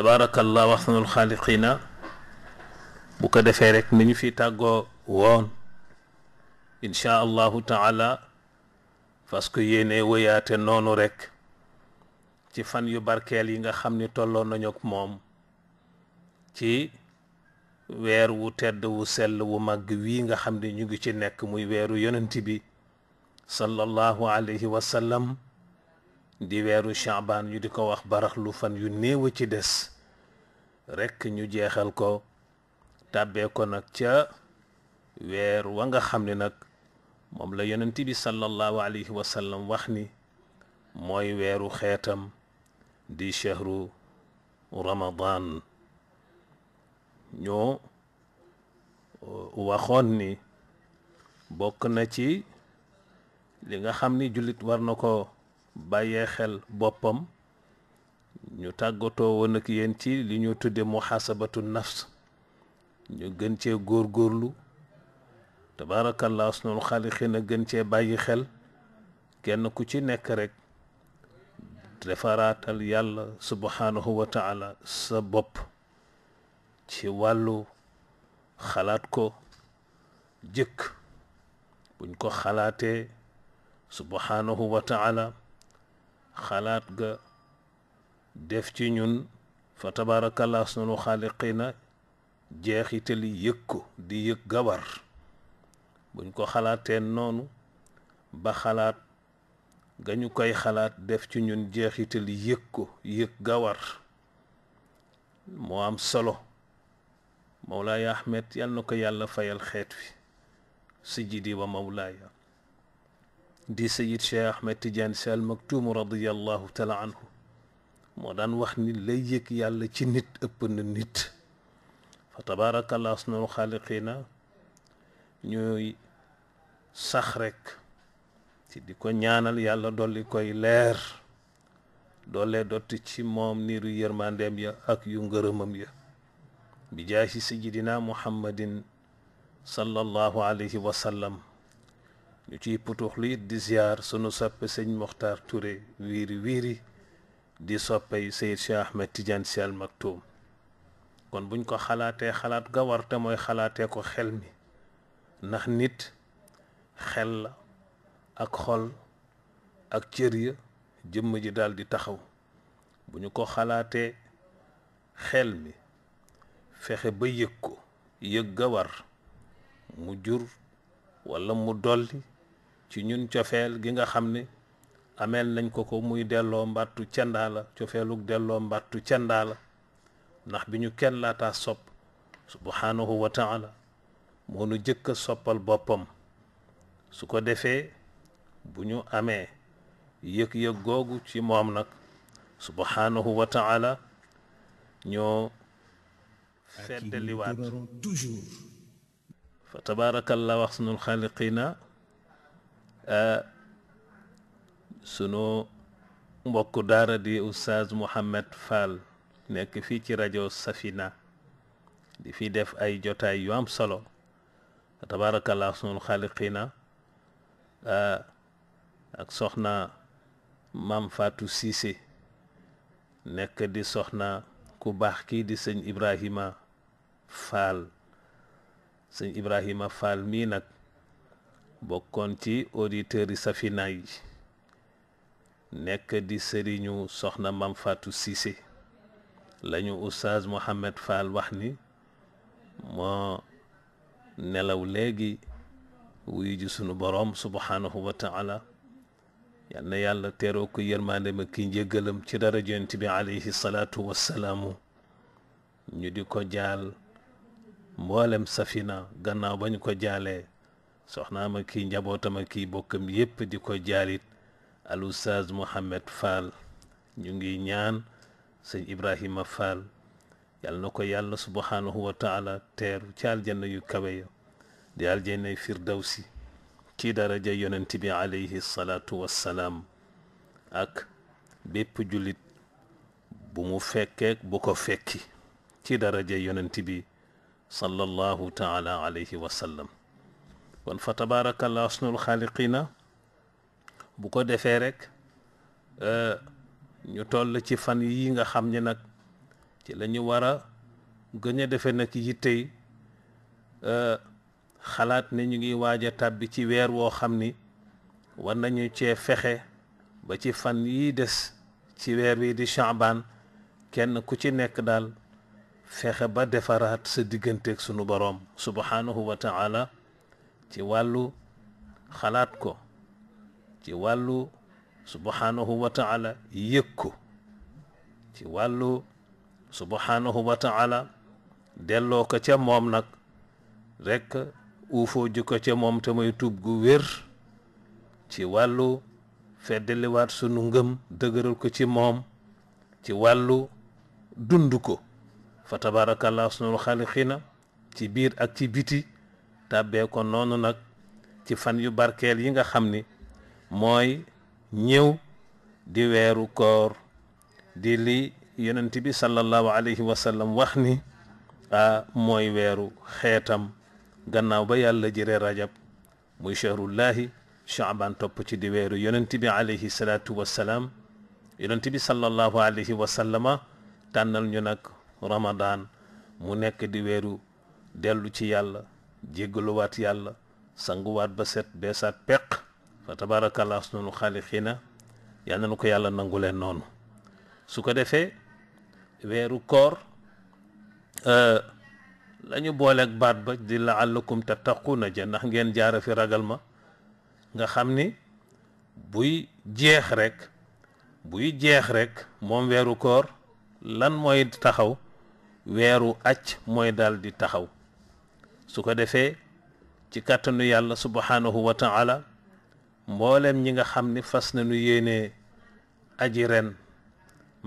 tabarakallah ahsanul xaaliqina bu ko defee rek ni ñu fi tàggoo woon incha allahu taala parce que yéene wëyaate noonu rek ci fan yu barkeel yi nga xam ni tolloon nañu ak moom ci weer wu tedd wu sell wu màgg wii nga xam ni ñu ngi ci nekk muy weeru yonent bi sallallahu alayhi wa sallam di weeru Shaabaan yu di ko wax baraxlu fan yu néew ci des rekk ñu jeexal ko tàbbee ko nag ca weer wa nga xam ne nag moom la yonent bi sallallahu alayhi wa wax ni mooy weeru xeetam di chahru ramadan ñoo waxoon ni bokk na ci li nga xam ni jullit war na ko bàyyee xel boppam ñu tàggatoo woon ak yéen ci li ñu tudde muhaasabatu nafs ñu gën cee góor góorlu góorgóorlu tabaarakallah asnul xaalixiin a gën cee bàyyi xel kenn ku ci nekk rek defaraatal yàlla subhaanahu wa taala sa bopp ci wàllu xalaat ko jëkk buñ ko xalaatee subhaanahu wa taala xalaat ga def ci ñun fa tabaarakallaa sunu xaaliqiina jeexitali yëg ko di yëg gabar buñ ko xalaateen noonu ba xalaat ga ñu koy xalaat def ci ñun jeexitali yëg ko yëg gawar moo am solo mawlaaya ahmed yal na ko yàlla fayal xeet wi sijidi wa mawlaaya دي سيد شيخ احمد تجان سال مكتوم رضي الله تعالى عنه مودان وخني ليك يالا سي نيت اوب نيت فتبارك الله سنور خالقنا نيوي صخ رك سي ديكو نيانال يالا دولي كوي لير دولي دوت سي موم نيرو يرمانديم يا اك يو غرمم يا بجاه سيدنا محمد صلى الله عليه وسلم ñu ciy putuxlu it di ziar sunu soppe sëñ Moxtaar Touré wiiri wiiri di soppey Seyid Cheikh Ahmed Tidiane Sy Al Maktoum kon buñ ko xalaatee xalaat ga te mooy xalaatee ko xel mi ndax nit xel la ak xol ak cër ya jëmm ji daal di taxaw bu ñu ko xalaatee xel mi fexe ba yëg ko yëg gawar mu jur walla mu dolli ci ñun cofeel gi nga xam ne ameel nañ ko ko muy delloo mbàttu cendaa la cofeelug delloo mbàttu cendaa la ndax bi ñu kenn laata sopp subhaanahu wa taala moo nu jëkk a soppal boppam su ko defee bu ñu amee yëg-yëg googu ci moom nag subhaanahu wa taala ñoo feddaliwaat fa tabaarakallah wax sunul sunu mbokk daara di oustaz Mouhamed Fall nekk fii ci rajo Safina di fi def ay jotaay yu am solo tabaarakallah sunul xaaliqina ak soxna maam Fatou Cissé nekk di soxna ku baax kii di sëñ Ibrahima Fall sëñ Ibrahima Fall mii nag bokkoon ci auditeurs yi Safina yi nekk di sëriñu soxna Mam Fatou Cissé lañu oustaz Mohamed Fall wax ni moo nelaw léegi wuyu sunu boroom subhaanahu wataala taala na yàlla teroo ko yërmaande ma ki njëggalam ci dara jent bi alayhi salaatu wassalaamu ñu di ko jaal mboolem safina gannaaw ba ñu ko jaalee soxnaam ma ki njabootama ki kii bokkam yépp di ko jaalit al oustaz Mouhamed Fall ñu ngi ñaan sëñ Ibrahima Fall yal na ko yàlla subhaanahu wa taala teeru ci aljanna yu kawe ya di aljannay firdawsi ci daraja yonent bi alayhi salaatu wassalaam ak bépp jullit bu mu fekkeek bu ko fekki ci daraja yonent bi sallallahu taala alayhi wa kon fa tabaarakallah asnul xaaliqina bu ko defee rek eh, ñu toll ci fan yi nga xam ni nag ci lañu ñu war a gën a defee nag yittey eh, xalaat ne ñu ngi waaj a tàbbi ci weer woo xam ni war nañu cee fexe ba ci fan yi des ci weer wi di Shaaban kenn ku ci nekk daal fexe ba defaraat sa digganteek sunu boroom subhanahu wa ta'ala ci wàllu xalaat ko ci wàllu subhanahu wa taala yëg ko ci wàllu subhanahu wa taala delloo ko ca moom nag rekk uufoo ko ca moom te muy tuub gu wér ci wàllu feddaliwaat sunu ngëm dëgëral ko ci moom ci wàllu dund ko fa tabarakallah sunul xaaliqina ci biir ak ci biti tàbbee ko noonu nag ci fan yu barkeel yi nga xam ni mooy ñëw di weeru koor di li yonent bi sallallahu alayhi wa wax ni a mooy weeru xeetam gannaaw ba yàlla jëre rajab muy chahrullahi chaaban topp ci di weeru yonent bi alayhi salaatu wassalaam yonent bi sallallahu alayhi wa tànnal ñu nag ramadaan mu nekk di weeru dellu ci yàlla jéggaluwaat yàlla sanguwaat ba set beesaat peq fa tabaarakallaahu ahsanul xaaliqiina yal nañu ko yàlla nangu leen noonu su ko defee weeru koor euh, la ñu booleeg baat ba di la laallakum na ja ndax ngeen jaara fi ragal ma nga xam ni buy jeex rek buy jeex rek moom weeru koor lan mooy taxaw weeru acc mooy dal di taxaw su ko defee ci kàttanu yàlla subhaanahu wa taala mboolem ñi nga xam ni fas nañu yéene aji ren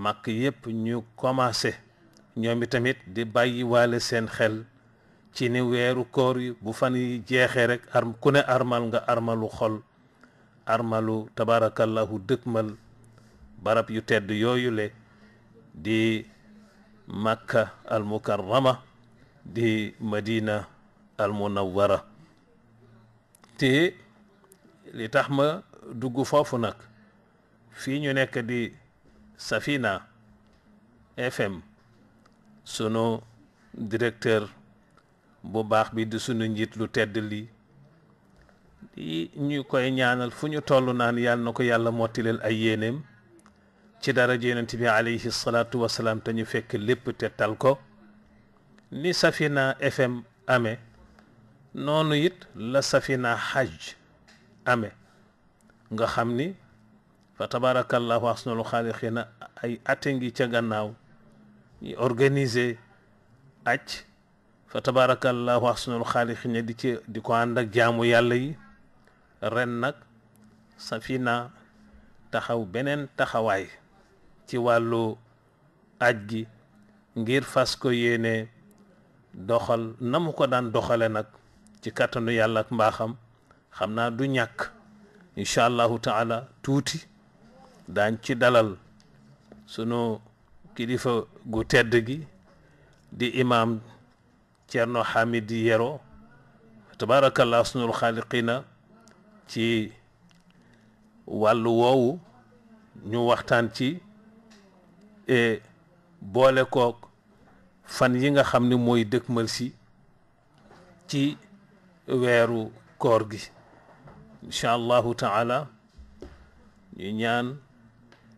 màkk yépp ñu commencé ñoom tamit di bàyyi seen xel ci ni weeru koor yi bu fan yi jeexee rek ar ku ne armal nga armalu xol armalu tabarakallahu dëkkmal barab yu tedd yooyule di makka al di madina al munawwara te li tax ma dugg foofu nag fii ñu nekk di Safina FM sunu directeur bu baax bi di sunu njiit lu tedd li ñu koy ñaanal fu ñu toll naan yàlla na ko yàlla mottileel ay yéeneem ci dara yonent bi alayhi salaatu wasalaam te ñu fekk lépp te tal ko ni Safina FM ame noonu it la safina xaj amee nga xam ni fa tabarakallahu asnul xaaliqina ay ate ngi ca gannaaw organise organiser aj fa tabarakallahu asnul xaaliqina di ci di ko ànd ak jaamu yàlla yi ren nag safina taxaw beneen taxawaay ci wàllu aj gi ngir fas ko yéene doxal na mu ko daan doxale nag ci kattanu yàlla ak mbaaxam xam naa du ñàkk incha allahu taala tuuti daañ ci dalal sunu kilifa gu tedd gi di imaam Cerno Hamid Yero tabaarakallah sunul xaaliqina ci wàllu woowu ñu waxtaan ci e boole kook fan yi nga xam ni mooy dëkkmal si ci weeru koor gi incha allahu taala ñu ñaan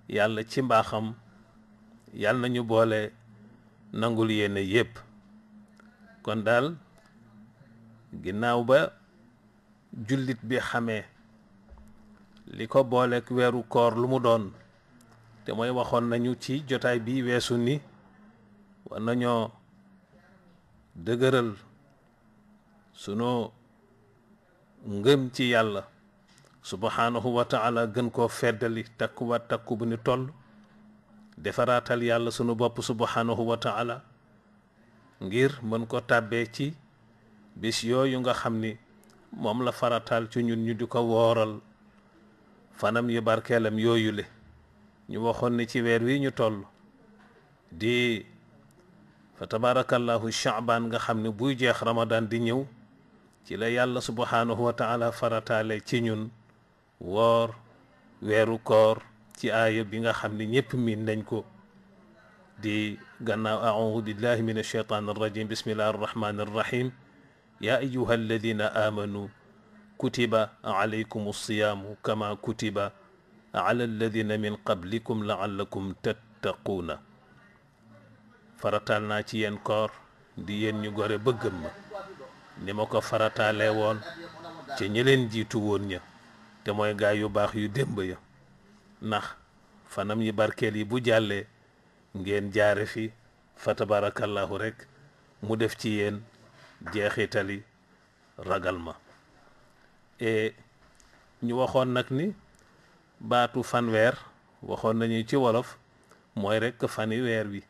yàlla ci mbaaxam yàlla nañu boole nangul yéene yépp kon daal ginnaaw ba jullit bi xamee li ko booleek weeru koor lu mu doon te mooy waxoon nañu ci jotaay bi weesu ni war nañoo dëgëral sunu ngëm ci yàlla subhaanahu wa taala gën koo feddali takkuwaat takku bu ni toll defaraatal yàlla sunu bopp subhaanahu wa taala ngir mën ko tàbbee ci bis yooyu nga xam ni moom la farataal ci ñun ñu di ko wooral fanam yu barkeelam yooyu le ñu waxoon ni ci weer wi ñu toll di fa tabarakallahu chaaban nga xam ne buy jeex ramadan di ñëw ci la yàlla subhanahu wa taala farataale ci ñun woor weeru koor ci aaya bi nga xam ne ñëpp miin nañ ko di gannaaw audu billahi min alcheytaan arrajim bismillahi arrahmani arrahim yaa ayuha alladina amanu kutiba alaykum alsiyaamu kama kutiba ala alladina min qablikum laallakum tattaquuna faratal naa ci yéen koor di yéen ñu gore bëggam ma ni ma ko farataale woon ci ñi leen jiitu woon ña te mooy gaay yu baax yu démb ya ndax fanam yi barkeel yi bu jàllee ngeen jaare fi fa tabarakallahu rekk mu def ci yéen jeexitali ragal ma e ñu waxoon nag ni baatu fanweer waxoon nañu ci wolof mooy rekk fani weer wi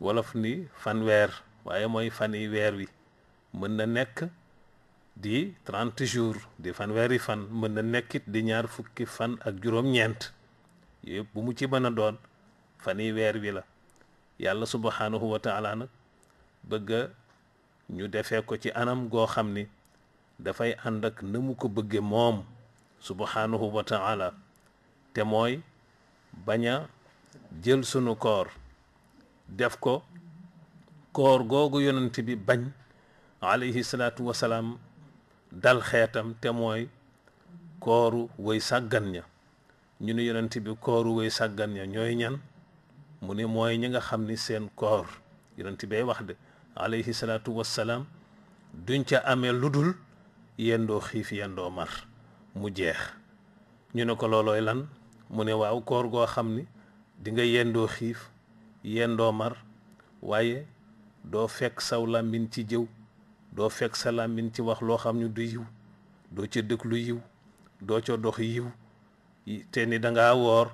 wolof ni fanweer waaye mooy fani weer wi mën na nekk di 30 jours di fanweeri fan mën na nekkit di ñaar fukki fan ak juróom-ñeent yëpp bu mu ci mën a doon fan yi weer wi la yàlla subhanahu wa taala nag bëgg ñu defee ko ci anam goo xam ni dafay ànd ak na mu ko bëgge moom subhanahu wa taala te mooy bañ a jël sunu koor def ko koor googu yonent bi bañ alayhi salaatu wasalaam dal xeetam te mooy kooru way sàggan ña ñu ne yonent bi kooru way sàggan ña ñooy ñan mu ne mooy ñi nga xam ni seen koor yonent bay wax de alayhi salaatu duñ ca amee lu dul yendoo xiif yendoo mar mu jeex ñu ne ko loolooy lan mu ne waaw koor goo xam ni dinga yendoo xiif yendoo mar waaye doo fekk saw làmbin ci jëw doo fekk sa làmmiñ ci wax loo xam ne du yiw doo ca déglu yiw doo ca dox yiw te ni da ngaa woor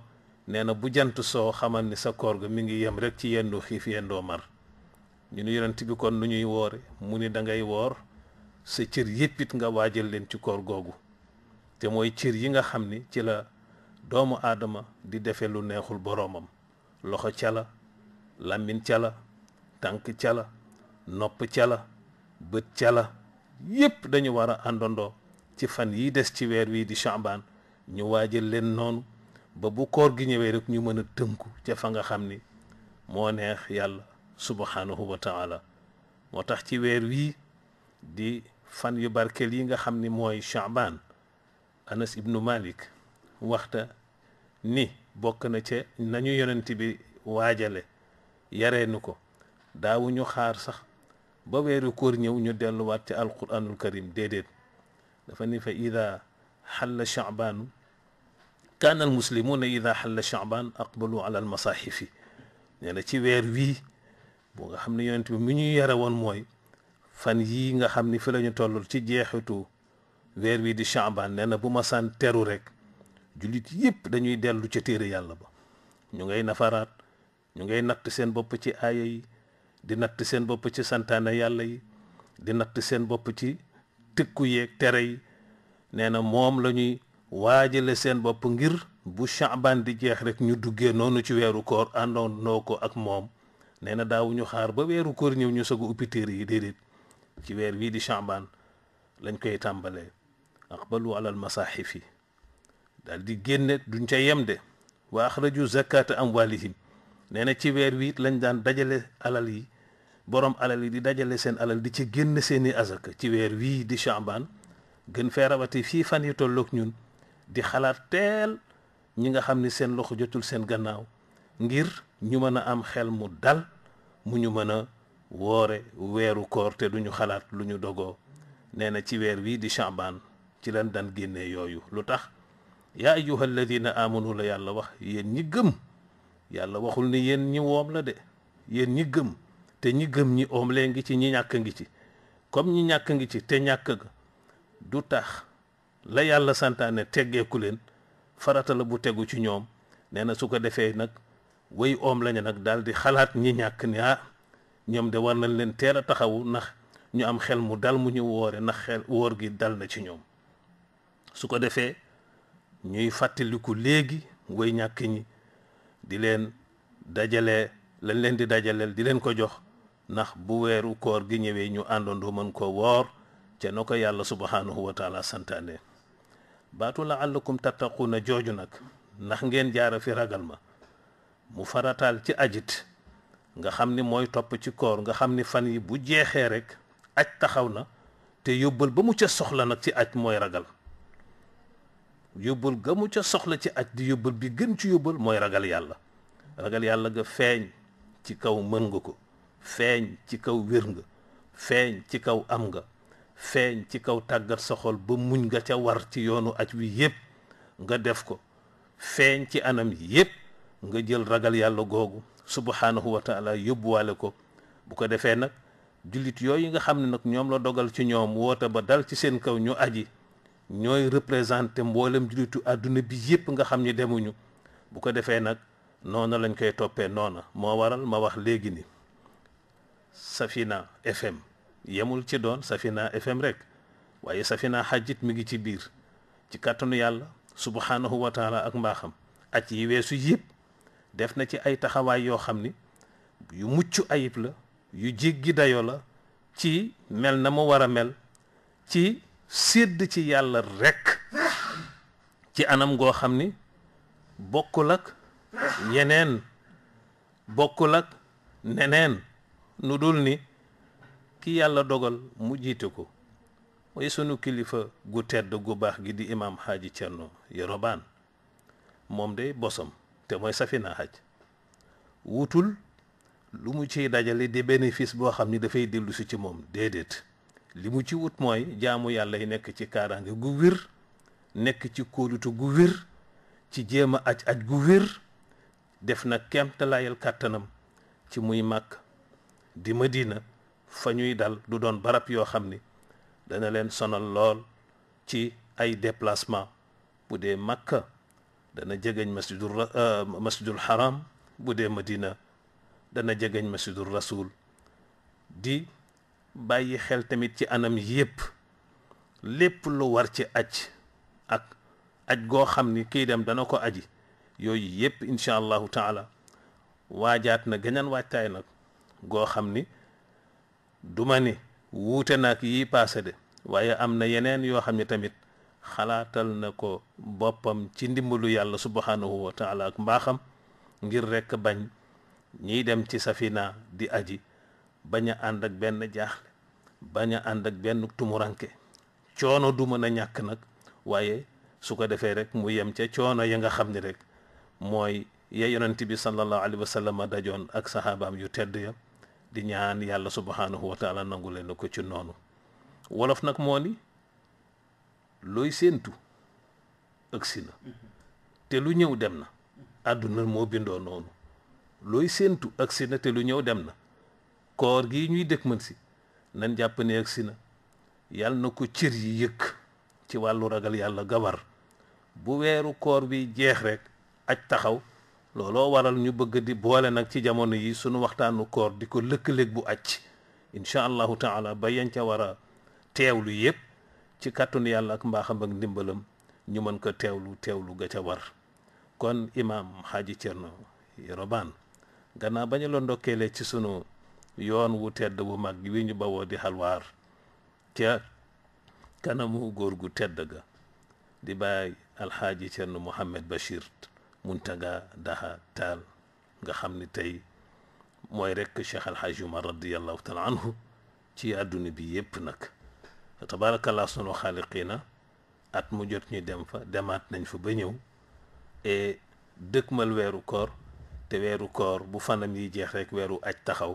nee na bu jant soo xamal ni sa koor ga mi ngi yem rekk ci yendoo xiif yendoo mar ñu ni yonent bi kon nu ñuy woore mu ni da ngay woor sa cër yëpp it nga jël leen ci koor googu te mooy cër yi nga xam ni ci la doomu aadama di defe lu neexul boroomam loxo cala la làmmiñ ca tànk cala la nopp ca la bët cala yépp dañu war a àndandoo ci fan yi des ci weer wii di chambaan ñu waajal leen noonu ba bu koor gi ñëwee rek ñu mën a tënku ca fa nga xam ni moo neex yàlla subhanahu wa moo tax ci weer wii di fan yu barkeel yi nga xam ni mooy chambaan anas ibnu malik waxta ni bokk na ca nañu yonent bi waajale yaree nu ko daawuñu xaar sax ba wéru koor ñëw ñu delluwaat ci alquranul karim déedéet dafa ni fa ida xalla chaban كان المسلمون إذا حل شعبان أقبلوا على المصاحف يعني تي وير وي بوغا خامني يونت بي مي ني وون موي فان ييغا خامني فلا ني تولول تي جيهتو وير وي دي شعبان نانا بوما سان تيرو ريك جوليت ييب دا نيو ديلو تي تيري يالا با نيو غاي نفارات نيو غاي نات سين بوب تي آيه di natt seen bopp ci santaane yàlla yi di natt seen bopp ci tëkku yeeg tere yi nee na moom la ñuy waajale seen bopp ngir bu chaban di jeex rek ñu duggee noonu ci weeru koor àndandoo ko ak moom nee na daawuñu xaar ba weeru koor ñëw ñu soog a uppi téere yi déedéet ci weer wii di chaban lañ koy tàmbalee aqbalu alal fii dal di génne duñ ca yem de wa axraju zakata amwalihim nee na ci weer wii lañ daan dajale alal yi borom alal yi di dajale seen alal di ci génn seeni azaka ci weer wii di Chaabaan gën fee rawati fii fan yu tolloog ñun di xalaat teel ñi nga xam ni seen loxo jotul seen gannaaw ngir ñu mën a am xel mu dal mu ñu mën a woore weeru koor te duñu xalaat lu ñu dogoo nee na ci weer wii di Chaabaan ci lan daan génne yooyu lu tax yaa ayyuha alladina amanu la yàlla wax yéen ñi gëm yàlla waxul ni yéen ñi woom la de yéen ñi gëm te ñi gëm ñi om oomlee ngi ci ñi ñàkk ngi ci comme ñi ñàkk ngi ci te ñàkk ga du tax la yàlla santaane teggeeku leen farata la bu tegu ci ñoom nee na su ko defee nag way oom lañu nag daal di xalaat ñi ñàkk ni ah ñoom de war nañ leen teel a taxawu ndax ñu am xel mu dal mu ñu woore ndax xel wóor gi dal na ci ñoom su ko defee ñuy fàttaliku léegi way ñàkk ñi di leen dajale lañ leen di dajaleel di leen ko jox ndax bu weeru koor gi ñëwee ñu àndandoo mën ko woor te na ko yàlla subhaanahu wa santaane baatu la àllakum na jooju nag ndax ngeen jaara fi ragal ma mu farataal ci ajit nga xam ni mooy topp ci koor nga xam ni fan yi bu jeexee rek aj taxaw na te yóbbal ba mu ca soxla nag ci aj mooy ragal yóbbal ga mu ca soxla ci aj di yóbbal bi gën ci yóbbal mooy ragal yàlla ragal yàlla nga feeñ ci kaw mën nga ko feeñ ci kaw wér nga feeñ ci kaw am nga feeñ ci kaw tàggat sa xol ba muñ nga ca war ci yoonu aj wi yépp nga def ko feeñ ci anam yépp nga jël ragal yàlla googu subhaanahu wa taala yóbbuwaale ko bu ko defee nag jullit yooyu nga xam ne nag ñoom la dogal ci ñoom woote ba dal ci seen kaw ñu aji ñooy représenté mboolem jullitu àdduna bi yépp nga xam ni demuñu bu ko defee nag noona lañ koy toppee noona moo waral ma wax léegi ni Safina FM yemul ci doon Safina FM rek waaye Safina xajjit mi ngi ci biir ci kàttanu yàlla subhaanahu wa ak mbaaxam at yi weesu yëpp def na ci ay taxawaay yoo xam ni yu mucc ayib la yu jéggi dayo la ci mel na mu war a mel ci sédd ci yàlla rekk ci anam goo xam ni bokkul ak ñeneen bokkul ak neneen lu dul ni ki yàlla dogal mu jiite ko mooy sunu kilifa gu tedd gu baax gi di imaam xaaji Cerno Yorobaan moom de bosam te mooy Safina Haj wutul lu mu ciy dajale di bénéfice boo xam ni dafay dellu ci moom déedéet li mu ci wut mooy jaamu yàlla yi nekk ci kaaraange gu wér nekk ci kóolute gu wér ci jéem a aj aj gu wér def na kemtalaayal kàttanam ci muy màkk di Madina fa ñuy dal du doon barab yoo xam ni dana leen sonal lool ci ay déplacement bu dee Makka dana jegeñ masjidul euh, masjidul haram bu dee Madina dana jegeñ masjidul rasul di bàyyi xel tamit ci anam yépp lépp lu war ci aj ak aj goo xam ni kii dem dana ko aji yooyu yépp incha allahu taala waajaat na geneen waajtaay nag go xam ni du ni wuute naag yi paase de waaye am na yeneen yoo xam ne tamit xalaatal na ko boppam ci ndimbalu yàlla subhanahu wa taala ak mbaaxam ngir rekk bañ ñiy dem ci safina di aji bañ a ànd ak benn jaaxle bañ a ànd ak benn tumuranke coono du mën a ñàkk nag waaye su ko defee rek mu yem ca coono ya nga xam ni rek mooy ya yonent bi sallallahu alayhi wa sallam dajoon ak sahabaam yu tedd ya di ñaan yàlla subhanahu wa taala nangu leen ko ci noonu wolof nag moo ni looy séentu ëgsi na te lu ñëw dem na àdduna moo bindoo noonu looy séentu agsi na te lu ñëw dem na koor gi ñuy dëkk mën si nan jàpp ne si na yàlla na ko cër yi yëkk ci wàllu ragal yàlla gawar bu weeru koor bi jeex rekk aj taxaw looloo waral ñu bëgg di boole nag ci jamono yi sunu waxtaanu koor di ko lëkkaleeg bu acc incha allahu taala ba yañ ca war a teewlu yëpp ci kàttun yàlla ak mbaaxam ak ndimbalam ñu mën ko teewlu teewlu ga ca war kon imaam xaaji cerno yorobaan gannaaw ba ñu la ndokkeelee ci sunu yoon wu tedd wu mag wi ñu bawoo di xalwaar ca kanamu góor gu tedd ga di bàyyi alxaaji cerno Mouhamed Bachir Muntaga Daha Taal nga xam ni tey mooy rek Cheikh Al Hadj Umar radiallahu taala anhu ci àdduna bi yépp nag tabaarakallah sunu xaaliqiina at mu jot ñu dem fa demaat nañ fa ba ñëw et dëkkmal weeru koor te weeru koor bu fanam yi jeex rek weeru aj taxaw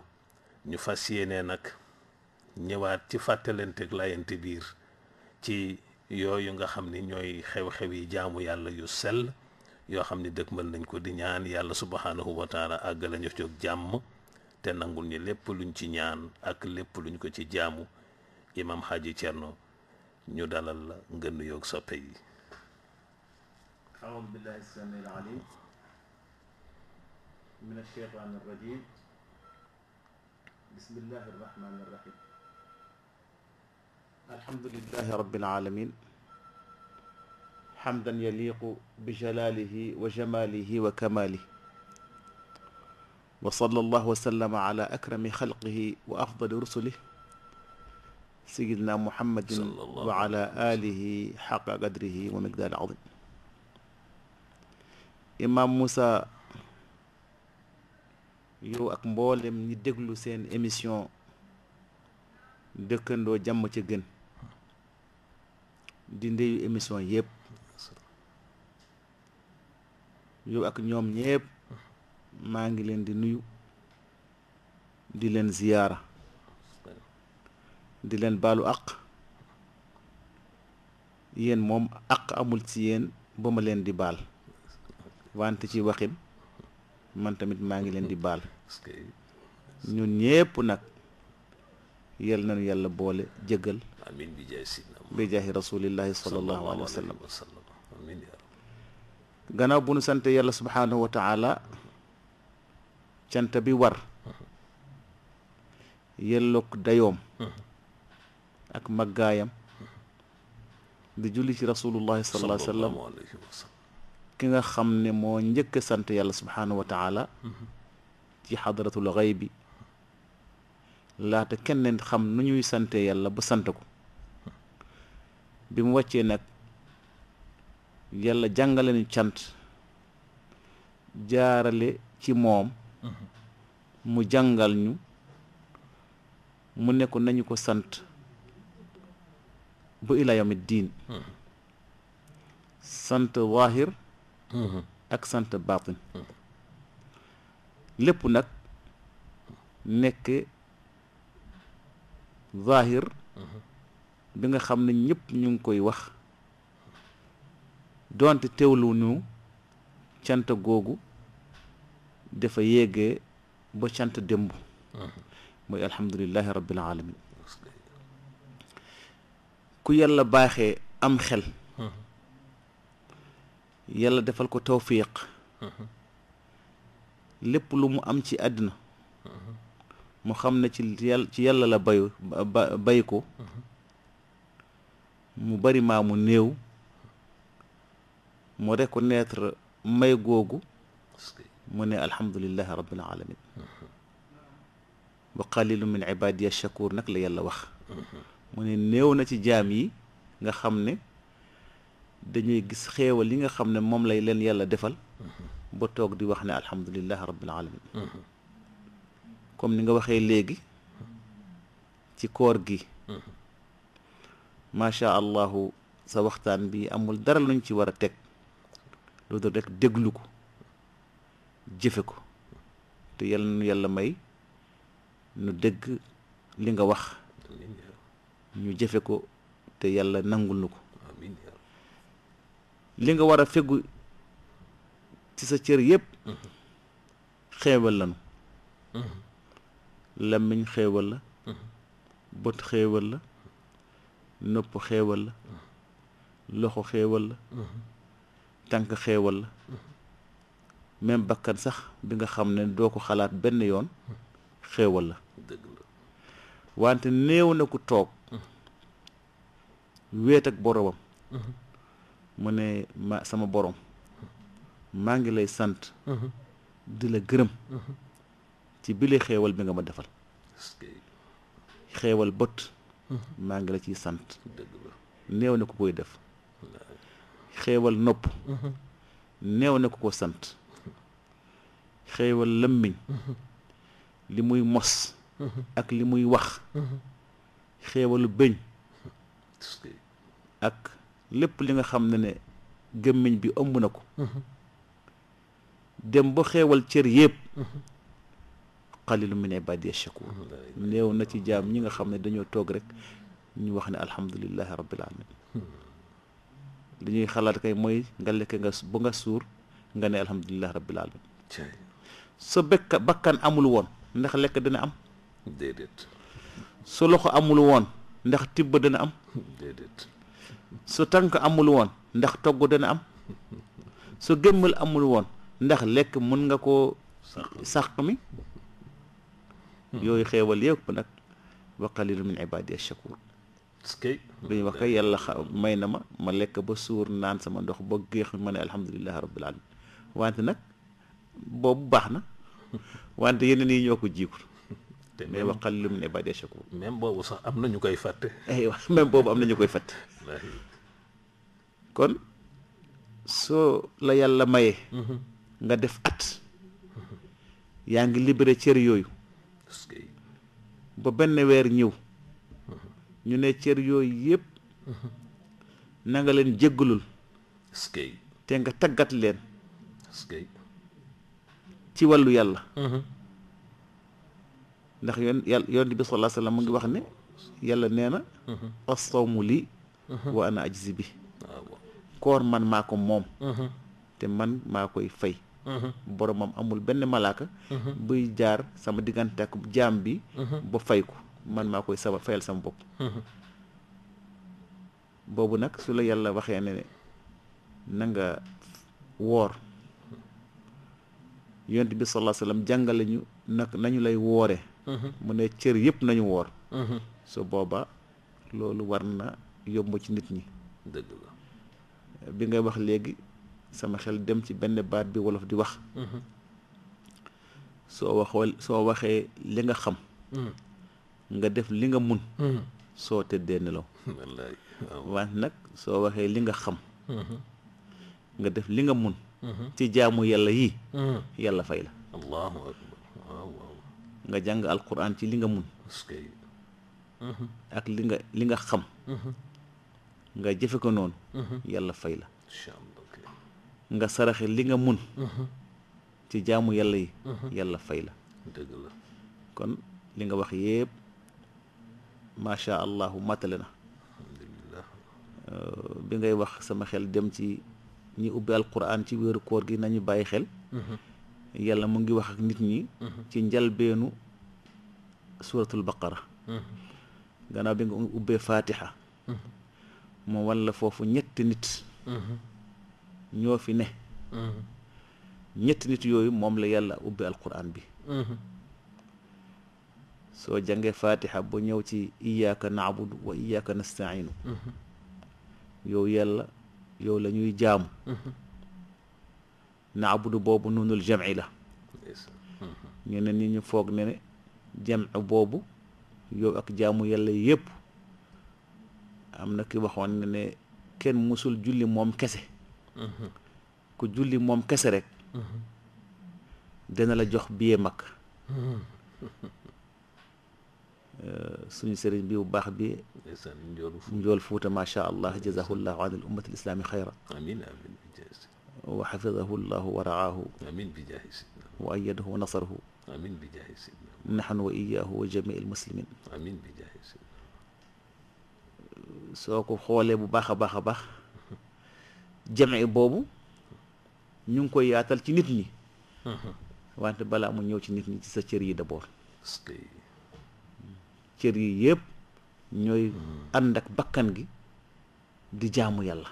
ñu fas yéenee nag ñëwaat ci fàttalanteeg layante biir ci yooyu nga xam ni ñooy xew-xew yi jaamu yàlla yu sell yoo xam ni mën nañ ko di ñaan yàlla subhaanahu wa taala àggala ñu jóg jàmm te nangu ñu lépp luñ ci ñaan ak lépp luñ ko ci jaamu imam Hadji Thierno ñu dalal la ngën yoog soppe yi أعوذ بالله السميع العليم من الشيطان الرجيم بسم الله الرحمن الرحيم الحمد لله رب العالمين حمدا يليق بجلاله وجماله وكماله وصلى الله وسلم على أكرم خلقه وأفضل رسله سيدنا محمد وعلى آله حق قدره ومقدار عظيم Imam موسى يو ak mboolem ñi déglu seen émission dëkkandoo jàmm ci gën di ndeyu émission yow ak ñoom ñépp maa ngi leen di nuyu di leen ziyaara di leen baalu ak yéen moom amul ci yéen ba ma leen di bal wante ci waxim man tamit maa ngi leen di bal ñun ñépp nag yal nañu yàlla boole jëggal amiin bi jaahi rasulillaahi sallallahu alayhi wa sallam gannaaw bu nu sant yàlla subhanahu wa taala cant bi war yelloog dayoom ak màggaayam di julli ci rasulullahi sallallahu alayhi wa sallam ki nga xam ne moo njëkk sant yàlla subhanahu wa taala ci xadaratul xay bi laata kenn xam nu ñuy sante yàlla ba sant ko bi mu wàccee nag yàlla jàngale ñu cant jaarale ci moom mu jàngal ñu mu ne nañu ko sant bu ila yawmi diin sant waahir ak sant baatin lépp nag nekk waahir bi nga xam ne ñëpp ñu ngi koy wax donte teewlu ñu cant googu dafa yéege ba cant démb mooy alhamdulilahi rabbil alamin ku yàlla baaxee am xel yàlla defal ko tawfiq lépp lu mu am ci àddina mu xam na ci yàlla ci yàlla la bayu ba bay ko mu bari maa néew me reconnaître may googu mu ne alhamdulillahi rabbil alamin wa qalilu min ibadiya shakur nag la yàlla wax mu ne néew na ci jaam yi nga xam ne dañuy gis xéewal li nga xam ne moom lay leen yàlla defal ba toog di wax ne alhamdulillahi rabbil alamin comme ni nga waxee léegi ci koor gi macha allahu sa waxtaan bi amul dara luñ ci war a teg lu dul déglu ko jëfe ko te yàlla may nu dégg li nga wax ñu jëfe ko te yàlla nangul nu li nga war a fegu ci sa cër yépp mhm. xeewal lanu mhm. làmmiñ xeewal la mhm. bët xeewal la nopp xeewal la loxo xeewal la tànk xéewal la mm-hmm. même bakkan sax bi nga xam ne doo ko xalaat benn yoon mm-hmm. xéewal la wante néew na ku toog mm-hmm. wéet ak boromam mu ne sama boroom maa ngi lay sant di la gërëm ci bile xéewal bi nga ma defal xéewal bët maa ngi la ciy sant néew na ku koy def xéewal nopp néew ne ku ko sant xéewal lëmmiñ li muy mos ak li muy wax xéewalu bëñ ak lépp li nga xam ne ne gémmiñ bi ëmb na ko dem ba xéewal cër yépp qalilu min ibadi shakur néew na ci jaam ñi nga xam ne dañoo toog rek ñu wax ne alhamdulillahi rabbil alamin li ñuy xalaat kay mooy nga lekk nga nga suur nga ne alhamdulilah rabbil alamin sa bekka bakkan amul woon ndax lekk dina am déedéet loxo amul woon ndax tibb dina am déedéet tànk amul woon ndax togg dina am sa gémmal amul woon ndax lekk mën nga koo sàq mi hmm. yooyu xeewal yépp nag wa qalilun min ibadiya shakur dañuy wax kay yàlla may na ma ma lekk ba suur naan sama ndox ba géex ma ne alhamdulilah rabbil alamin wante nag boobu baax na wante yeneen yi ñoo ko jiiku te wax wa qalilun min ibadiya shakur même boobu sax am na ñu koy fàtte. boobu am na koy fàtte. soo la yàlla maye. Mhm. def at. yaa ngi libéré cër yooyu. ba benn weer ñëw. ñu ne cër yooyu yépp na nga leen jéggalul te nga taggat leen ci wàllu yàlla mhm. ndax yoon yoon bi salaa sallam mu ngi wax ne yàlla nee na mhm. assawmu mhm. wa ana ajzi bi ah, koor man maa ko moom te man maa koy fay boromam amul benn malaaka buy jaar sama diggante ak jaam bi ba fay ko man maa koy sabab fayal sama bopp mhm. boobu nag su la yàlla waxee ne na nga woor yonent bi sallallahu alayhi jàngale ñu nag nañu lay woore mhm. mu ne cër yëpp nañu woor mhm. su booba loolu war na yomb ci nit ñi dëgg bi ngay wax léegi sama xel dem ci benn baat bi wolof di wax soo waxoo soo waxee li nga xam nga def li nga mun hmm. soo tëddee nelaw wante nag soo waxee li nga xam hmm. nga def li nga mun hmm. ci jaamu yàlla yi yàlla fay la nga jàng alquran ci li nga mun ak li nga li jëfe ko noonu fay la nga li nga mun ci jaamu yàlla yi yàlla fay la la kon li nga wax yépp macha allah matale na bi ngay wax sama xel dem ci ñi ubbi alquran ci wéeru koor gi nañu bàyyi xel mm-hmm. yàlla mu ngi wax ak nit ñi mm-hmm. ci njalbeenu suuratul baqara mm-hmm. gannaaw bi nga ubbee faatiha mu walla foofu ñetti nit ñoo fi ne ñetti nit yooyu moom la yàlla ubbi alquran bi soo jàngee fatiha bu ñëw ci iyyaka naabudu wa iyyaka nastainu mhm. yow yàlla yow la ñuy jaamu mhm. naabudu boobu nunul jamci la mhm. ñeneen ñi ñu foog ne ne boobu yow ak jaamu yàlla yépp am na ki waxoon ne ne kenn musul julli moom kese ku julli moom kese rek dana la jox biye mag آه، سني سيرين بي وباخ بي نجول فوتا ما شاء الله جزاه الله عن الأمة الإسلامية خيرا أمين أمين وحفظه الله ورعاه أمين بجاه سيدنا وأيده ونصره أمين بجاه سيدنا نحن وإياه وجميع المسلمين أمين بجاه سيدنا آه، سوكو خوالي بو باخا باخا باخ جمعي بوبو نيونكو ياتل تي وانت بلا مو نيو تي نيتني دابور سكي cër yi yépp ñooy ànd ak bakkan gi di jaamu yàlla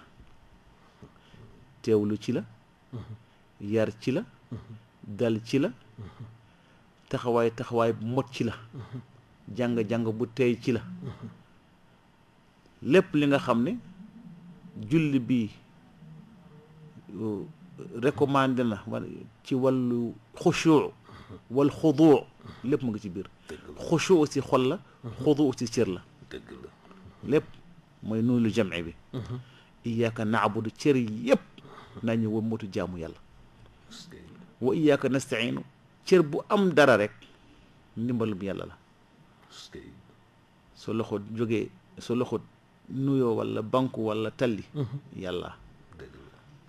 teewlu ci la yar ci la dal ci la taxawaay taxawaay bu mot ci la jàng-jàng bu tey ci la lépp li nga xam julli bi euh, recommandé na ci wàllu xushuu wal khudu' lépp mu ngi ci biir xusu aussi xol la xudu aussi cër la lépp mooy noonu lu jamci bi iyaaka naabudu cër yëpp nañu wa motu jaamu yàlla wa iyaaka nastainu cër bu am dara rek ndimbalum yàlla la su loxo jógee su loxo nuyoo walla banku walla talli yàlla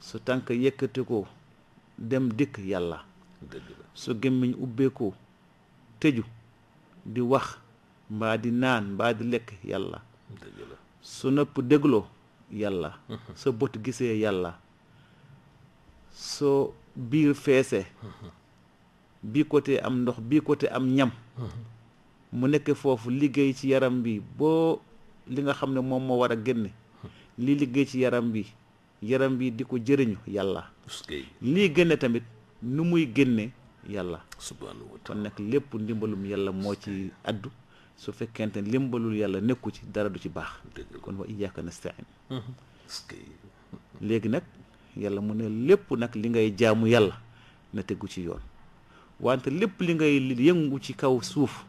su tànk yëkkatikoo dem dikk yàlla su gémmiñ ubbeekoo tëju di wax mbaa di naan mbaa di lekk yàlla su nëpp dégloo yàlla sa bët gisee yàlla soo biir feese bii côté am ndox bii côté am ñam mu nekk foofu liggéey ci yaram bi boo li nga xam ne moom moo war a génne lii liggéey ci yaram wi yaram bi di ko jëriñu yàlla lii génne tamit nu muy génne yàlla subhanahu wa taala kon nag lépp ndimbalum yàlla moo ci addu su fekkente ne limbalul yàlla nekku ci dara du ci baax kon wa iyyaka nasta'in mm-hmm. léegi nag yàlla mu ne lépp nag li ngay jaamu yàlla na tegu ci yoon wante lépp li ngay yëngu ci kaw suuf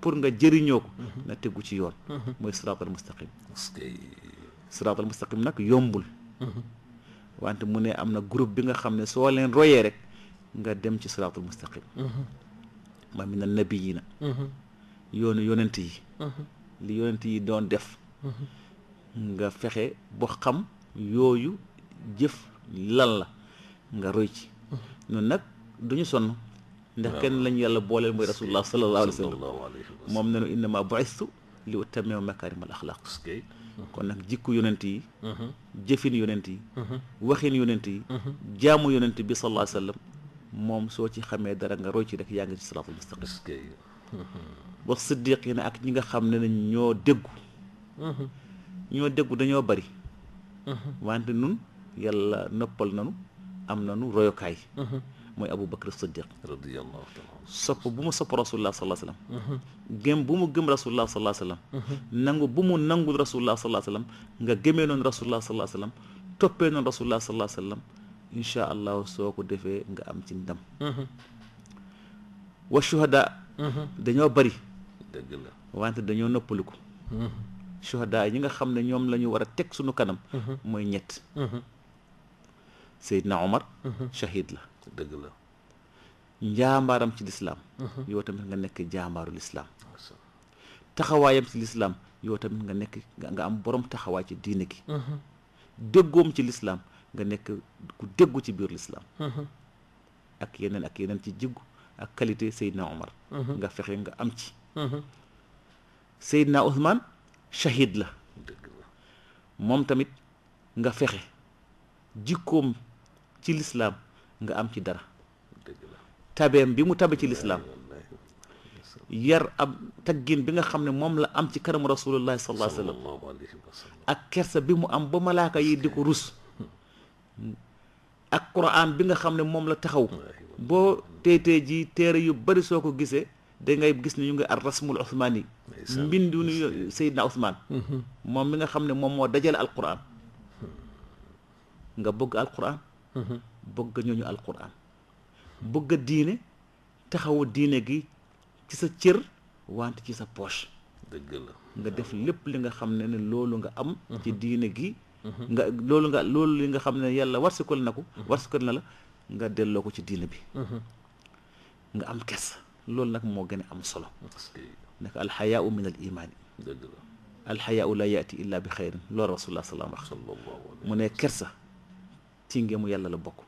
pour nga jëriñoo ko mm-hmm. na tegu ci yoon mm-hmm. mooy siraatal mustaqim siraatal mustaqim nag yombul wante mu ne am na groupe bi nga xam ne soo leen royee rek nga dem ci siraatul mustaqim mm-hmm. ma mina nabiyina mm-hmm. yoonu yonent yi mm-hmm. li yonent yi doon def nga fexe ba xam yooyu jëf lan la nga roy ci noonu nag duñu sonn ndax kenn lañu yàlla booleel mooy rasulullah sallallahu alayhi wa sallam moom nanu innama bu'istu li utammima makaarimal axlaaq kon nag jikku yonent yi jëfin yonent yi waxin yonent yi jaamu yonent bi sallallahu alayhi wa sallam moom soo ci xamee dara nga roy ci rek yaa ngi ci salaatul mustaqim wax siddiq yi ne ak ñi nga xam ne nañ ñoo déggu ñoo déggu dañoo bari wante nun yàlla noppal nanu am nanu royokaay mooy abu bakar siddiq radiyallahu taala sopp bu mu sopp rasulullah sallallahu alayhi wa sallam mhm. bu mu gëm rasulullah sallallahu alayhi wa mhm. nangu bu mu nangul rasulullah sallallahu alayhi wa sallam nga gëmee noonu rasulullah sallallahu alayhi wa sallam toppee noonu rasulullah incha allah soo ko defee nga am ci ndam mhm. wa shuhada mhm. dañoo bari la wante dañoo noppaliku mhm. shuhada yi nga xam ne ñoom la ñu war a teg suñu kanam mooy ñett Seydina Omar shahid la dëgg la njaambaaram ci lislaam yow tamit nga nekk jaambaaru lislaam taxawaayam ci lislaam yow tamit nga nekk nga am borom taxawaay ci diine gi déggoom ci lislaam nga nekk ku déggu ci biir lislaam uh-huh. ak yeneen ak yeneen ci jiggu ak qualité Seydina Omar uh-huh. nga fexe nga am ci uh-huh. Seydina Ousmane shahid la moom tamit nga fexe jikkoom ci lislaam nga am ci dara tabeem bi mu tabe ci lislaam yar am taggin bi nga xam ne moom la am ci kanam rasulullahi sallallahu ak kersa bi mu am ba malaaka yi di ko rus ak quran bi nga xam ne moom la taxaw boo teetee ji téere yu bari soo ko gisee da gis ne ñu ngi ar rasmul usmaan yi mbindu ñu Seydina Usmaan mhm. moom mi nga xam ne moom moo dajale alquran nga bëgg alquran mhm. bëgg ñooñu alquran bëgg diine taxawu diine gi ci sa cër wante ci sa poche dëgg la nga def lépp li nga xam ne ne loolu nga am mhm. ci diine gi nga loolu nga loolu li nga xam ne yàlla warsikal na ko warsikal na la nga delloo ko ci diina bi nga am kes loolu nag moo gën a am solo nag alxayaau min al imaani alxayaau la yaati illa bi xayrin loolu rasulullah salaam wax mu ne kersa ci ngemu yàlla la bokk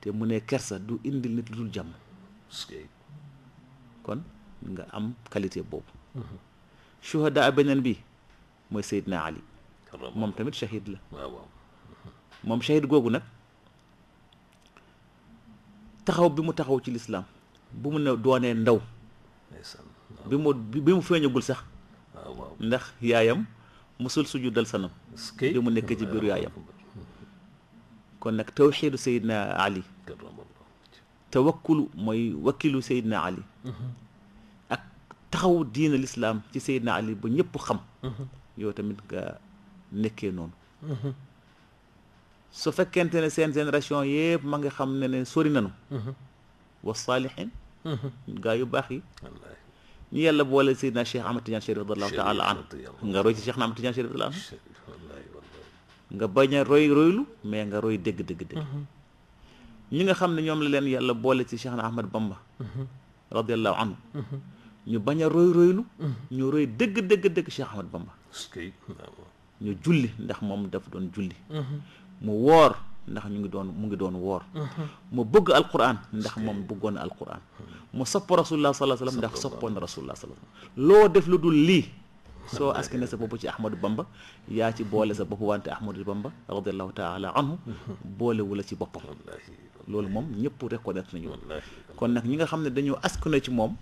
te mu ne kersa du indil nit dul jàmm kon nga am qualité boobu shuhada beneen bi mooy Seydina Ali moom tamit shahid la moom shahid googu nag taxaw bi mu taxaw ci lislaam bu mu ne doonee ndaw bi mu bi mu feeñagul sax ndax yaayam musul suñu dal sanam bi mu nekk ci biiru yaayam kon nag tawxiidu Seydina Ali tawakkulu mooy wakkilu Seydina Ali mhm. ak taxaw diina lislaam ci Seydina Ali ba ñëpp xam mhm. yow tamit nga nekkee noonu mhm. su fekkente ne seen génération yëpp ma nga xam ne ne sori nanu mhm. wa saalihin mhm. gaa yu baax yi ñu yàlla boole Seydina Cheikh Ahmad Tidiane Chérif radiallahu taala an nga roy ci Cheikh na Ahmad Tidiane Chérif radiallahu nga bañ roy roylu mais nga roy dëgg dégg dégg ñi nga xam ne ñoom la leen yàlla boole ci Cheikh na Ahmad Bamba radiallahu anhu ñu bañ a ñu roy dégg dégg dégg Cheikh Ahmad Bamba ñu julli ndax moom dafa doon julli mhm. mu woor ndax ñu ngi doon mu ngi doon woor mhm. mu bëgg alquran ndax moom bëggoon alquran mu sopp rasulullah sallallahu alayhi wasallam ndax soppoon na rasulullah sallallahu alayhi wasallam loo def lu dul lii soo askane sa bopp ci ahmadou bamba yaa ci boole sa bopp wante ahmadou bamba radiallahu taala anhu boolewula ci boppam loolu moom ñëpp reconnaître nañu kon nag ñi nga xam ne dañoo askane ci moom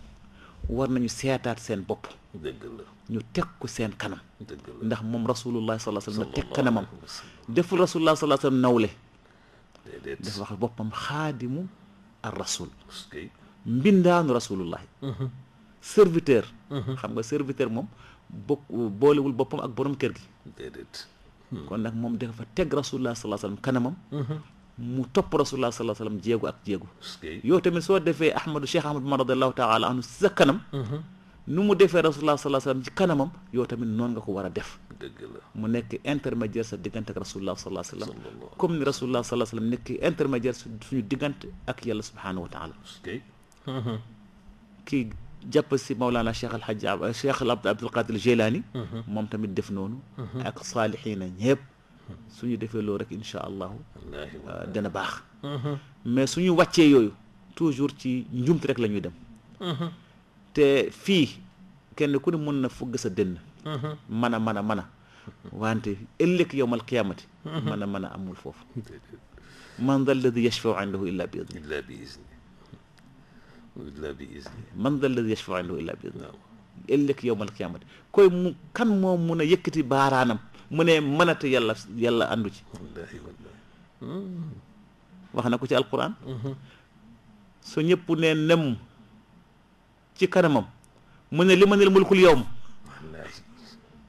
war nañu seetaat seen bopp. dëgg ñu teg ku seen kanam. ndax moom rasulullah sallallahu alayhi wa sallam na teg kanamam. deful rasulullah sallallahu alayhi wa sallam nawle. déedéet dafa wax boppam xaadimu ar mbindaanu rasulullah. Mhm. serviteur. Mhm. xam nga serviteur moom bokk boolewul boppam ak borom kër gi. Hmm. kon nag moom dafa teg rasulullah sallallahu alayhi kanamam. Mhm. mu topp rasulullah sallallahu alayhi wa sallam jéego ak jéego yow tamit soo defee ahmadu cheikh ahmadu ma radiallahu taala anhu si sa kanam nu mu defee rasulullah sallallahu alayhi wa sallam ci kanamam yow tamit noonu nga ko war a def mu nekk intermédiaire sa diggante ak rasulullah sallallahu alayhi wa sallam comme ni rasulullah sallallahu alayhi wa sallam nekk intermédiaire suñu diggante ak yàlla subhanahu wa taala kii jàpp si Mawlana Cheikh Al Hadj Cheikh Abdul Qadir Jilani moom tamit def noonu ak saalihiina ñëpp su ñu defee loolu rek incha allahu euh, dana baax mm-hmm. mais su ñu wàccee yooyu toujours ci njumti rek la ñuy dem mm-hmm. te fii kenn ku ne mën na fugg sa dënn mën mm-hmm. a mën a mën wante ëllëg yowmal qiyaamati mën a mën amul foofu man dal ladi yashfau indahu illa bi idni illa man dal ladi yashfau indahu illa bi idni ëllëg yowmal qiyaamati koy mu kan moom mun a yëkkati baaraanam mu ne mënata yàlla yàlla àndu ci wax na ko ci alquran su ñëpp ne nem ci kanamam mu ne li ma nel mulkul yow ma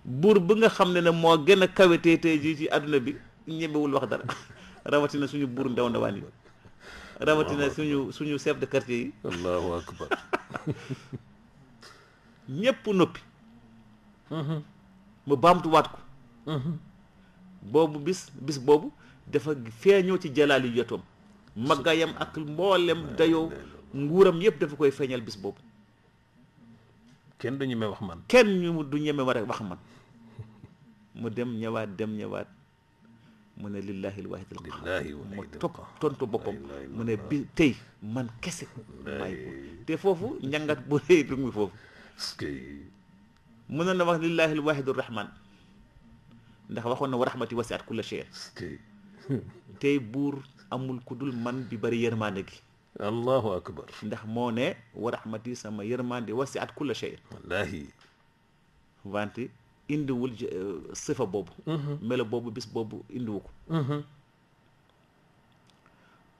buur bi nga xam ne ne moo gën a kawe tey tey jii ci àdduna bi ñebewul wax dara rawatina suñu buur ndaw ndawaan yi rawatina suñu suñu chef de quartier yi allahu akbar noppi mu baamtuwaat ko Mm-hmm. boobu bis bis boobu dafa feeñoo ci jalaali jotoom maggayam ak mboolem dayoo nguuram yëpp dafa koy feeñal bis boobu kenn du ñeme wax man kenn ñu du ñeme war a wax man mu dem ñëwaat dem ñëwaat mu ne lillahi alwahid alqahar mu topp tontu boppam mu ne bi man kese maay te foofu njàngat bu rëy du ngi foofu mënoon na wax lillahi alwahid arrahman ndax waxoon na wa rahmati wasi'at kulla shay tey buur amul ku dul man bi bari yërmande gi allahu akbar ndax moo ne wa rahmati sama yërmande wasi'at kulla shay wallaahi wante indiwul euh, sifa boobu mhm. melo boobu bis boobu indiwu ko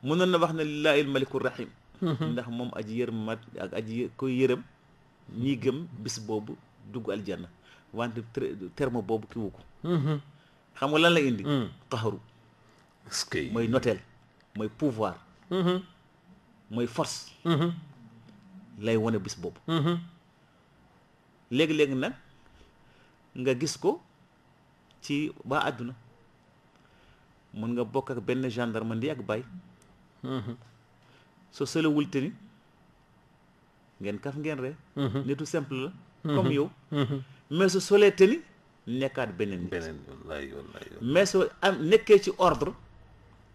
mënoon mhm. na wax ne lillahi almaliku rahim mhm. ndax moom aji yërmat ak aji koy yërëm ñi gëm bis boobu dugg aljanna wante terme boobu kiwu ko Mhm. xam nga lan la indi. Mm. taxaru. est-ce que mooy noteel mooy pouvoir. Mhm. mooy force. Mhm. lay wone bis boobu. léegi-léegi nag nga gis ko ci ba àdduna mën nga bokk ak benn gendarme ndi ak baay. soo selewul te ngeen kaf ngeen ree. nitu simple la. comme yow. mais su solee te nekkaat beneen nit mais soo am nekkee ci ordre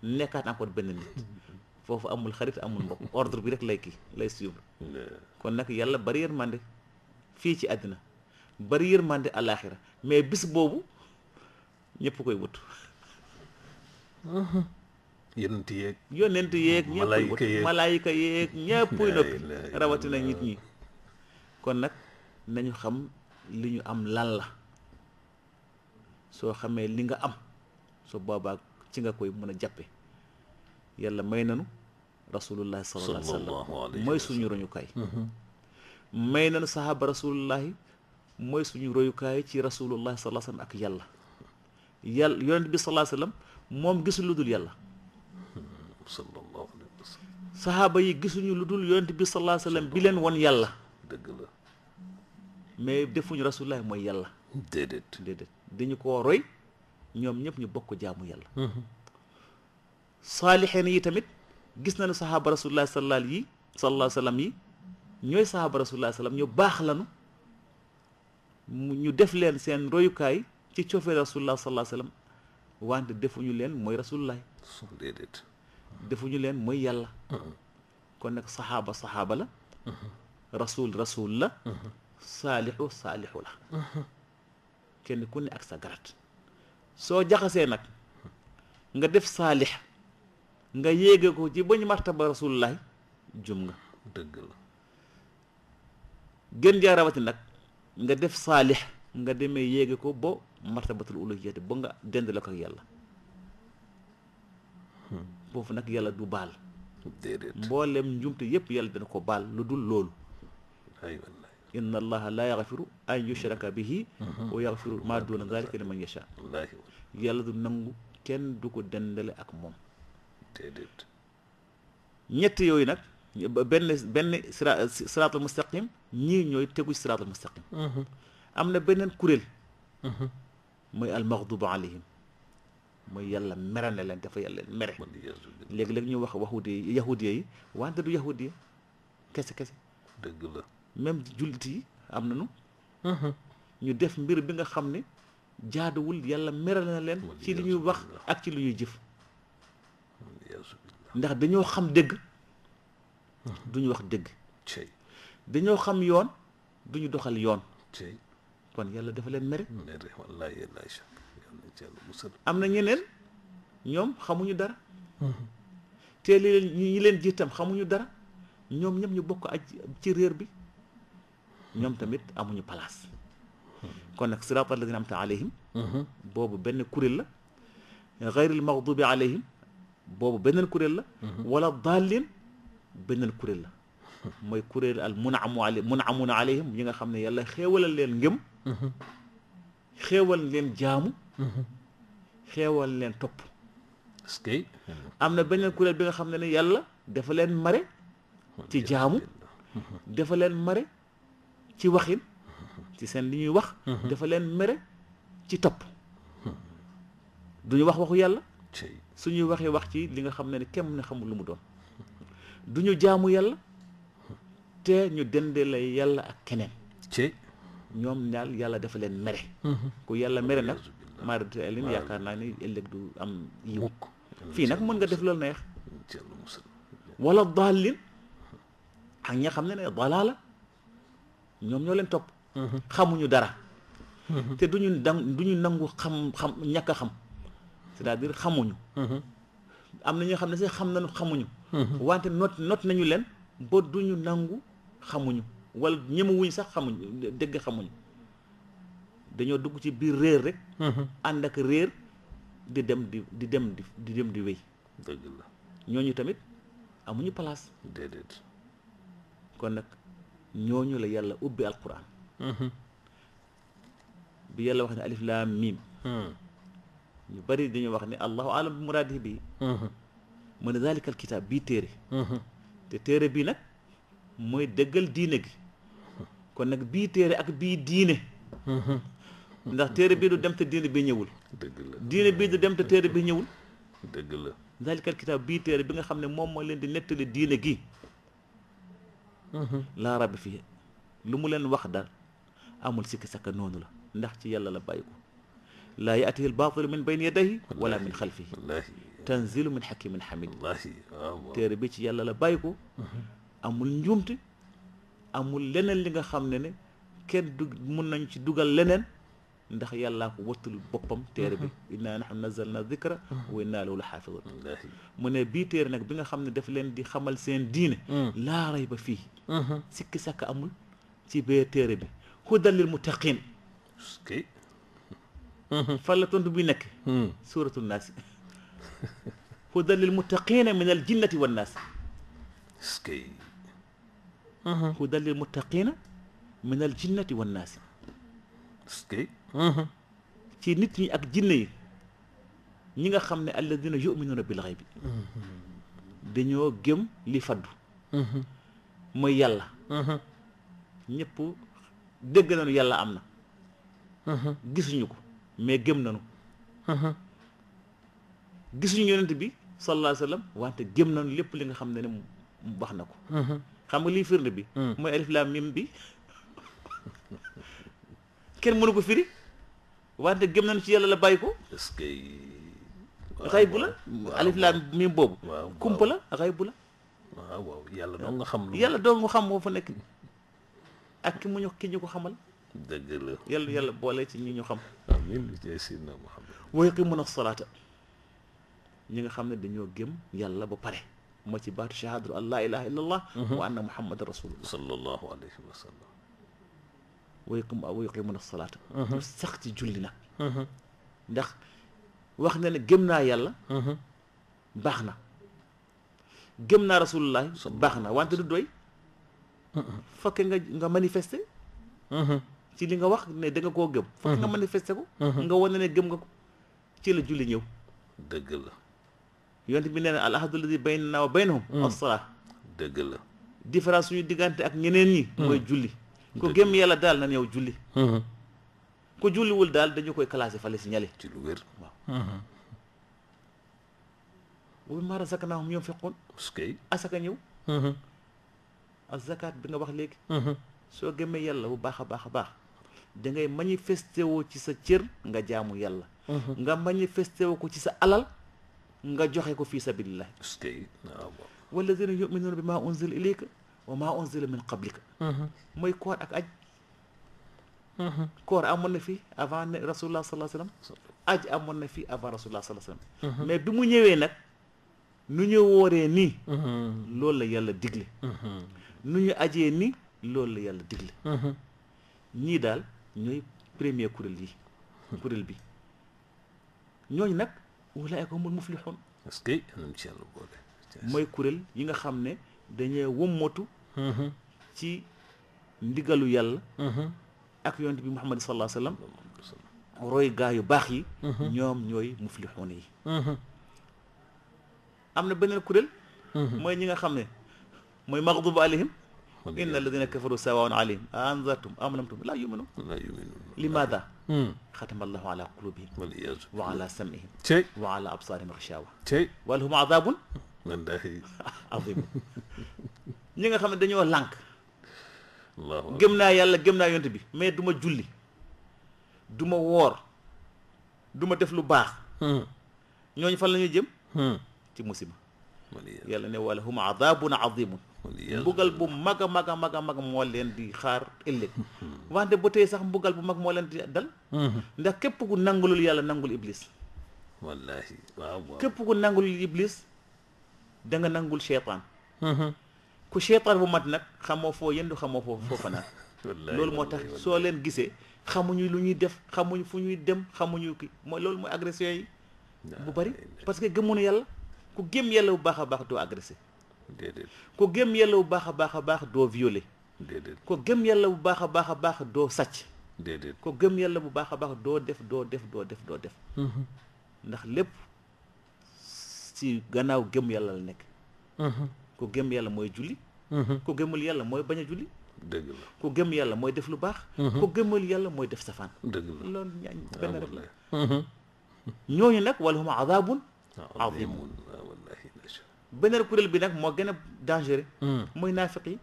nekkaat encore beneen nit foofu amul xarit amul mbokk ordre bi rek lay kii lay suivre kon nag yàlla bari yërmande fii ci àddina bari yërmande àllaaxira mais bis boobu ñëpp koy wut yonent yeeg yonent yeeg ñëpp rawatina nit ñi kon nag nañu xam li ñu am lan la soo xamee li nga am su boobaa ci nga koy mën a jàppe yàlla may nanu rasulullahi sallallahu alayhi wa sallam mooy suñu roñukaay mm-hmm. may nanu sahaaba rasulullahi mooy suñu royukaay ci rasulullahi sallallahu alayhi ak yàlla yàlla yonent bi sallallahu alayhi moom gisul lu dul yàlla sallallahu alayhi wa yi gisuñu lu dul yonent bi sallallahu alayhi bi leen won yàlla dëgg la mais defuñu rasulullahi mooy yàlla dañu koo roy ñoom ñëpp ñu bokk jaamu yàlla mm-hmm. saalixeen yi tamit gis na sahaaba rasulullah sallallahu yi sallallahu sallam yi ñooy sahaaba rasulullah sallam ñu baax lanu ñu def leen seen royukaay ci coofeel rasulullah defuñu leen mooy rasulullah déedéet defuñu leen mooy yàlla mm-hmm. nag sahaaba sahaaba la mm-hmm. rasul rasul la kenn ku ne ak sa garat soo jaxasee nag nga def saalix nga yéege ko ci bañ martaba rasulullahi jum nga dëgg la rawati nag nga def saalix nga demee yéege ko ba martabatul uluhiyati ba nga dend la ko ak yàlla hmm. foofu nag yàlla du baal déedéet mboolem njumte yépp yàlla dina ko baal lu dul loolu إن الله لا يغفر أن يشرك به ويغفر ما دون ذلك لمن يشاء يلا ذو نمو كن دوك دندل أكمم نيت يوينك بن بن سرات المستقيم ني نيو تيغو سرات المستقيم امنا بنن كوريل مي المغضوب عليهم مي يلا مرن لين دافا يلا مري ليك ليك ني واخ واخودي يهوديه وانت دو يهوديه كاسه كاسه دغلا même jullit yi am nañu uh-huh. ñu def mbir bi nga xam ni jaaduwul yàlla meral na leen ci li ñuy wax ak ci li ñuy jëf ndax dañoo xam dëgg uh-huh. duñu wax dëgg dañoo xam yoon ñu doxal yoon kon yàlla dafa leen mere am na ñeneen ñoom xamuñu dara uh-huh. te li ñi leen jiitam xamuñu dara ñoom ñëpp ñu bokk ak ci réer bi ñom tamit amuñu place kon nak siraatal alladhina amta alayhim bobu ben kurel la al maghdubi alayhim bobu beneen kurel la wala daalin beneen kurel la moy kurel al munamu alayhim munamuna alayhim yi nga xamne yàlla xewalal len ngëm xewal len jaamu xewal len top parce amna am kurel bi nga xamne ne yàlla dafa mare ci jaamu dafa mare ci waxin ci seen li ñuy wax dafa mere ci topp duñu wax waxu yàlla suñuy waxee wax ci li nga xam ne ne kenn xamul lu mu doon duñu jaamu yàlla te ñu dende lay yàlla ak keneen ci dafa mere mhm. ku yàlla mere nak maaratu elin yaakaar naa ni ëllëg du am yiw Fi nak mën nga def loolu neex wala daalin ak ña ne ñoom ñoo leen topp xamuñu dara te duñu dam duñu nangu xam xam ñàkk xam c'est-à-dire xamuñu am na ñoo xam ne sax xam nañu xamuñu wante not nañu leen du ñu nangu xamuñu wala ñemewuñ sax xamuñu dégg xamuñu dañoo dugg ci biir réer rek ànd ak réer di dem di di dem di di dem di wéy dëgg la ñooñu tamit amuñu place kon nag ñooñu la yàlla ubbi alquran bi yàlla wax ne alif laam miim ñu bari dañu wax ne allahu alam bi muradi bi mu ne daalika alkitaab bii téere te téere bii nag mooy dëggal diine gi kon nag bii téere ak bii diine ndax téere bii du dem te diine bi ñëwul diine bii du dem te téere bi ñëwul dëgg la dalikal kitab bii téere bi nga xam ne moom moo leen di nettali diine gi laa rab fi lu mu leen wax daal amul sikki sakka noonu la ndax ci yàlla la bàyyi ko laa yaatihi l baatilu min bayni yadayhi wala min xalfihi tanzilu min xakimin xamid ah, téere bi ci yàlla la bàyyi ko mhm. amul njuumte amul leneen li nga xam ne ne kenn du mun nañ ci dugal leneen ndax yàllaa ko wattul boppam téere bi innaa nahnu nazzalna dhikra wa innaa lahu la xaafizuun mu ne bii téere nag bi nga xam ne daf leen di xamal seen diine laa rayba fii sikki sàkk amul ci bee téere bi hudan lil muttaqiin fan la tontu bi nekk suuratul naas hudan lil muttaqiina min al jinnati wan naas hudan lil muttaqiina min al jinnati wan naas Mhm. ci nit ñi ak jinne yi ñi nga xam ne alladina yuminuuna bil xaybi mhm. dañoo gëm li faddu mhm. mooy yàlla ñëpp dégg nañu yàlla am na gisuñu ko mais gëm nañu gisuñu yonent bi sallallahu alayhi wa sallam wante gëm nañu lépp li nga xam ne ne wax na ko xam nga lii firnde bi mm. mooy alif laam bi kenn mënu ko firi وانت جمنا نشي يلا بايكو اسكي غاي بولا الف لام ميم بوب كومبلا غاي بولا واو دون خم يلا دون خم مو فنك مو نيو كي خمال دغ لا يلا يلا نيو خم امين لي سيدنا محمد ويقيمون الصلاه نيغا خم ني دانيو گيم يلا با بار ما بات شهاده الله اله الا الله وان محمد رسول الله صلى الله عليه وسلم wa yuqim wa yuqimuuna salaata ñu uh-huh. sax ci julli nag uh-huh. ndax wax na ne gëm naa yàlla uh-huh. baax na gëm naa rasulullah baax na wante du doy fakke nga nga manifester ci li nga wax ne danga koo gëm fakke nga manifester ko nga wane ne gëm nga ko ci la julli ñëw dëgg la yonent bi nee na al ahadu alladi baynana wa baynahum dëgg la différence suñu diggante ak ñeneen ñi mooy julli ku gëm yàlla daal na ñëw julli ku julliwul daal dañu koy classé fale si ñale ci lu wér waaw wa mimmaa razaqnaahum yunfiquun asaka ñëw ak zakat bi nga wax léegi soo gëmee yàlla bu baax a baax a baax dangay manifesté woo ci sa cër nga jaamu yàlla nga manifesté woo ko ci sa alal nga joxe ko fii sabilillah walladina yuminuuna bi maa unzila ilayka وما انزل من قبلك ما يكون اك اج كور امون في افان رسول الله صلى الله عليه وسلم اج امون في افان رسول الله صلى الله عليه وسلم مي بيمو نيوي نك نونيو ووري ني لول لا يالا ديغلي نونيو اجي ني لول لا يالا ديغلي ني دال نوي بريمير كورل لي كورل بي نوني نك اولئك هم المفلحون اسكي نمشي على بوله موي كورل ييغا خامني دانيي وموتو ci ndigalu yàlla ak yonent bi muhammad sallallahu alayhi wa sallam roy gaa yu baax yi ñoom ñooy muflixuuna yi am na beneen kuréel mooy ñi nga xam ne mooy maxdubu alayhim inna alladina kafaru sawaun alayhim a anzartum am lam tum laa yuminun limaada xatama allahu ala qulubihim wa ala samihim wa ala absaarihim xishawa wa lahum azabun azim ñi nga xam ne dañoo lànk gëm naa yàlla gëm naa yont bi mais duma julli duma woor duma def lu baax hmm. ñooñu fan la ñuy jëm hmm. ci musiba yàlla ne wala hum adabun azimun mbugal bu mag a mag a mag a mag moo leen di xaar ëllëg hmm. wante ba tey sax mbugal bu mag moo leen di dal ndax képp ku nangulul yàlla nangul iblis wallaahi waaw képp ku nangulul iblis da nangul cheytaan ku seetaan bu mat nag xamoo foo yendu xamoo foo foo fanaan loolu moo tax soo leen gisee xamuñu lu ñuy def xamuñu fu ñuy dem xamuñu ki mooy loolu mooy agression bu bari parce que gëmunu yàlla ku gëm yàlla bu baax a baax doo ku gëm yàlla bu baax a baax a baax doo violé ku gëm yàlla bu baax a baax a baax doo sàcc ko gëm yàlla bu baax a baax doo def doo def doo def doo def mm-hmm. ndax lépp ci gannaaw gëm yàlla la nekk mm-hmm. ku gëm yàlla mooy julli ku gëmul yàlla mooy bañ a julli dëgg la ku gëm yàlla mooy def lu baax ku gëmul yàlla mooy def safaan dëgg la loolu ñaañ benn rek la ñooñu nag walahum azabun azimun beneen kuréel bi nag moo gën a dangereux mooy naafiq yi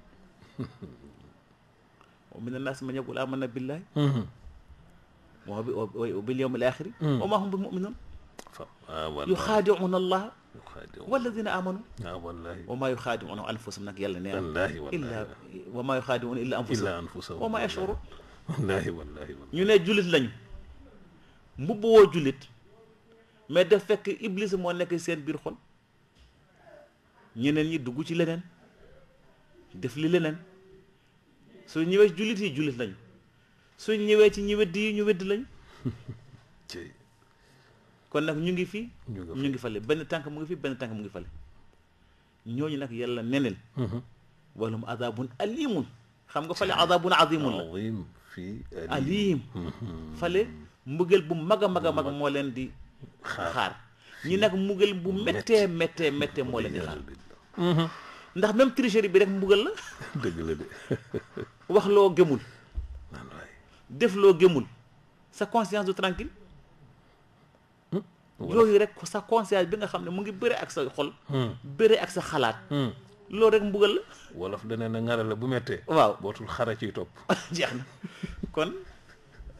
wa min annaas man yaqul amanna billahi wa bil yawmil axiri wa ma hum bi muminoun yuxaadiuuna allaha يخادعون والذين امنوا آه، والله وما يخادعون انفسهم يلا نعم والله الا وما يخادعون الا انفسهم الا انفسهم وما يشعرون والله والله ني لا جوليت لاني مبو جوليت مي دا فك ابليس مو نك سين بير خول ني دغو سي لنن ديف لي لنن سو نيوي جوليت جوليت لاني سو نيوي تي نيوي دي نيوي دي لاني kon nag ñu ngi fi. ñu ngi fale benn tànk mu ngi fi benn tànk mu ngi fale ñooñu nag yàlla neneen. walum azabun alimun xam nga fale azabun azimun la fii alim fale mbugal bu mag a mag a mag moo leen di. xaar ñi nag mbugal bu méttee méttee méttee moo leen di xaar. ndax même tricherie bi rek mbugal la. dëgg la de. wax loo gëmul. def loo gëmul sa conscience du tranquille yooyu rek sa conscience bi nga xam ne mu ngi bëre ak sa xol hmm. bëre ak sa xalaat hmm. loolu rek mbugal la wolof dana na ngara bu méttee waaw bootul xara ciy topp jeex na kon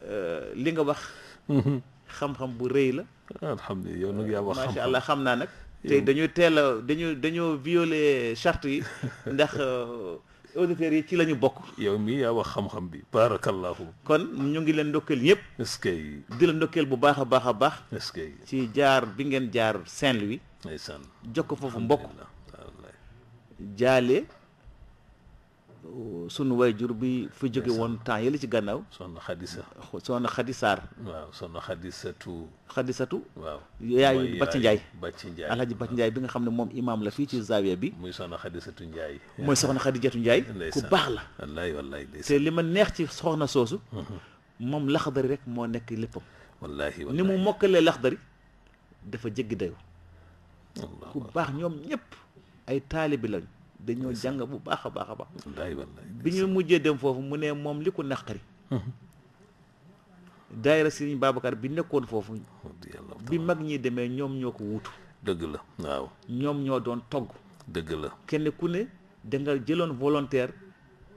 euh, li nga wax hmm. xam-xam bu rëy la alhamdulilah yow nag yaa wax macha xam naa nag tey dañu teel a dañu dañoo violer charte yi ndax euh, auditeurs yi ci lañu bokk yow mi yaa wax xam-xam bi barakallahu kon ñu ngi leen ndokkeel ñëpp est que di ndokkeel bu baax a baax a baax que ci jaar bi ngeen jaar Saint-Louis ndeysaan jokk foofu mbokk jaale sunu jur bi fa jóge woon temps yële ci gannaaw. soxna Xadisa. soxna Xadisaar. waaw soxna Xadisatu. Xadisatu. waaw yaayu Bacci Ndiaye. Bacci Ndiaye Alhaji Bacci njaay bi nga xam ne moom imaam la fii ci zawiya bi. muy soxna Xadisatu Ndiaye. mooy soxna Xadijatu Ndiaye. ku baax la. wallaay wallaay te li ma neex ci soxna soosu. Mhm. moom laxdari rek moo nekk léppam. wallaahi wallaahi ni mu mokkalee laxdari dafa jéggi dayu. ku baax ñoom ñëpp ay taalibi lañu. dañoo jàng bu baax a baax bi ñu mujjee dem foofu mu ne moom li ko naqari mhm. daayira sëriñ Babacar bi nekkoon foofu bi mag ñi demee ñoom ñoo ko wuutu dëgg la waaw ñoom ñoo doon togg dëgg la kenn ku ne da jëloon volontaire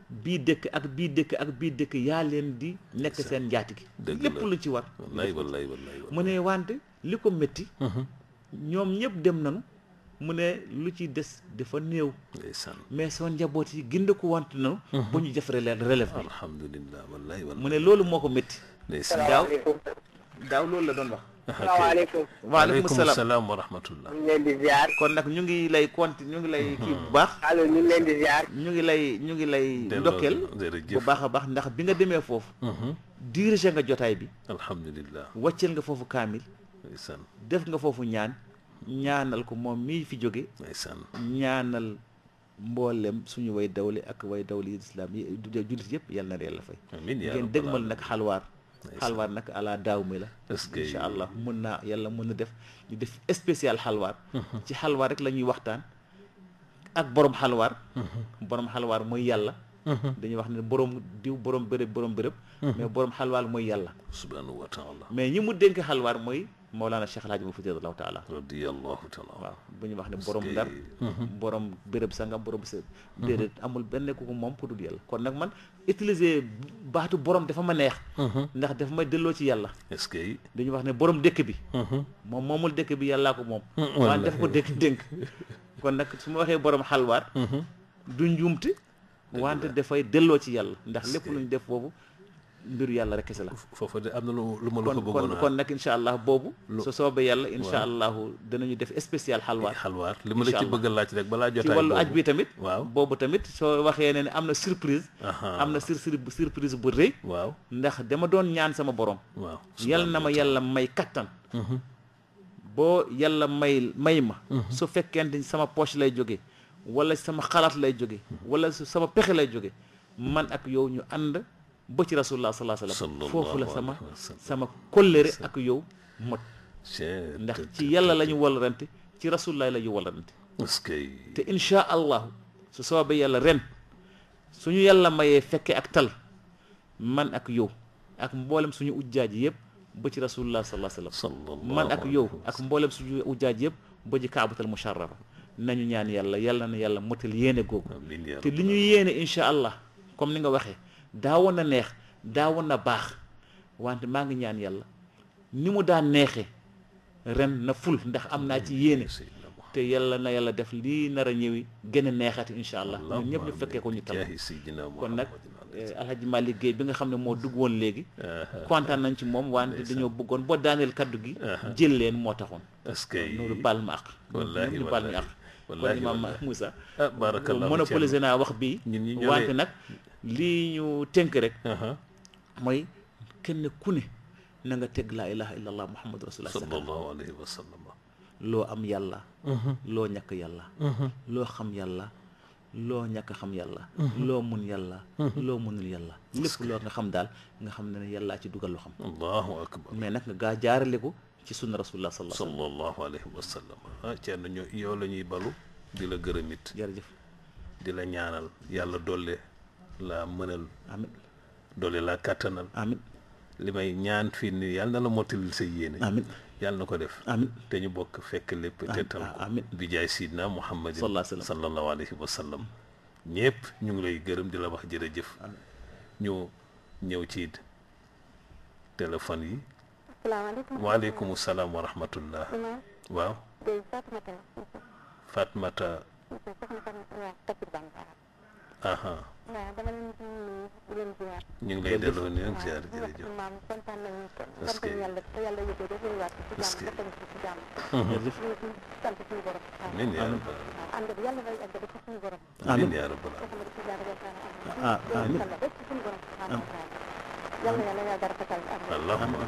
bii dëkk ak bii dëkk ak bii dëkk yaa leen di nekk seen njaati gi lépp lu ci war wallaay mu ne wante li ko métti mhm. ñoom ñëpp dem nañu mu ne lu ci des dafa néew. mais soo njaboot yi gindiku want na. Mhm. bu ñu defaree leen relève bi. alhamdulilah wallahi mu ne loolu moo ko métti. daaw daaw loolu la doon wax. salaamaaleykum waaleykum salaam wa rahmatullah ñu ngi kon nag ñu ngi lay konti ñu ngi lay mhm. kii bu baax allo ñu ngi leen di ziar ñu ngi lay ñu ngi lay ndokkeel bu baax a baax ndax bi nga demee foofu mhm. dirigé nga jotaay bi alhamdulilah wàcceel nga foofu kaamil def nga foofu ñaan ñaanal ko moom mii fi jóge ñaanal mboolem suñu way dawle ak way dawle yi islam yi jullit yëpp yal na yàlla fay ngeen dëgmal nag xalwaar xalwaar nag ala daaw mi la incha allah mun naa yalla mun na def ñu def spécial xalwaar ci xalwaar rek la ñuy waxtaan ak boroom xalwaar mhm. borom xalwaar mooy yàlla mhm. dañuy wax ne borom diw borom bërëb borom bërëb mhm. mais borom xalwaar mooy yàlla subhanahu mais ñi mu dénk xalwaar mooy Mawlana Cheikh El Hadj Moufoudi radiyallahu taala. radiyallahu taala waaw bu ñu wax ne borom ndar. Mhm. borom béréb sangam borom sa. Mhm. déedéet amul benn ku ko moom ku dul yàlla ko nag man utiliser baatu borom dafa ma neex. Mhm. ndax dafa may delloo ci yàlla. est-ce que dañuy wax ne borom dëkk bi. moom moomul dëkk bi yàllaa ko moom. wallaahi dafa ko dëkk dénk. kon nag su ma waxee borom xalwaat. du njuumte. wante dafay dëlloo ci yàlla. ndax lépp lu ñu def foofu mbiru yàlla rek kese la. foofu de am na lu ma lu ko bëggoon kon nag incha allah boobu. so soobee yàlla incha allahu danañu def spécial xalwaar. xalwaar li ma la ci bëgg a laaj rek balaa jotaay ci wàllu aj bi tamit. waaw boobu tamit soo waxee ne am na surprise. am na sur surprise bu rëy. waaw ndax dama doon ñaan sama borom. waaw yal na ma yàlla may kattan. boo yàlla may may ma. su fekkente sama poche lay jóge wala sama xalaat lay jóge wala sama pexe lay jóge man ak yow ñu ànd. ba ci rasulullah sallallahu alayhi wasallam foofu la sama sama kóllëre ak yow mot ndax ci yàlla lañu ñu walrante ci rasulullah la ñu walrante te insha allahu su soobee yàlla ren suñu yàlla mayee fekkee ak tal man ak yow ak mboolem suñu ujjaaj yëpp ba ci rasulullah sallallahu alayhi wasallam man ak yow ak mboolem suñu ujjaaj yëpp ba ci kaabatal musharrafa nañu ñaan yàlla yàlla na yàlla motal yéene googu te li ñu yéene incha allah comme ni nga waxee daawoon na neex daawoon na baax wante maa ngi ñaan yàlla ni mu daan neexe ren na ful ndax am naa ci yéene te yàlla na yàlla def lii nar a ñëwi gën a neexati incha allah ñun ñëpp ñu fekkee ko ñu tal kon nag alhaji eh, Malick Guèye bi nga xam ne moo dugg woon léegi kontaan nañ ci moom wante dañoo bëggoon boo daaneel kaddu gi jël leen moo taxoon noonu baal ma ak ñëpp ñu baal ñu ak kon imaam Moussa ah, monopolisé naa wax bii wante nag lii ñu tënk rek. mooy kenn ku ne na nga teg laa ilaha illallah muhammadu rasulullah sallallahu alayhi wa sallam loo am yàlla. loo ñàkk yàlla. loo xam yàlla. loo ñàkk xam yàlla. loo mun yàlla. loo munul yàlla. lépp loo nga xam daal nga xam ne yàllaa ci dugal loo xam. allahu akbar mais nag nga jaarale ko ci sunna rasulullah sallallahu alayhi wa sallam. ah Thierno ñoo yow la ñuy balu di la gërëm it. jërëjëf di la ñaanal yàlla dolle. la menel, amin dole la katanal amin limay ñaan fi ni yalla na la mottalil sa yéene amin yalla nako def amin te ñu bok fekk lepp te tal amin bi jay sidna muhammad sallallahu Alaihi Wasallam, ñepp nyungle ñu ngi lay gërëm di la wax jëf ñu ñew ci téléphone yi wa alaykum assalam wa rahmatullah waaw Fatmata Fatmata waaw dama leen di nuyu di leen ziar. ñu ngi lay delloo nuyu ak ziar jërëjëf waaw maam kontaan nañu ko. sant yàlla te yàlla yóbbee ba suñu waat ci jàmm ba ci jàmm. jërëjëf ñu ngi sant suñu borom. amiin yaa rabbal waaw ànd bi yàlla day àgg ba ci suñu borom. amiin yaa rabbal ah amiin yàlla yàlla yaa dara fatal allahumma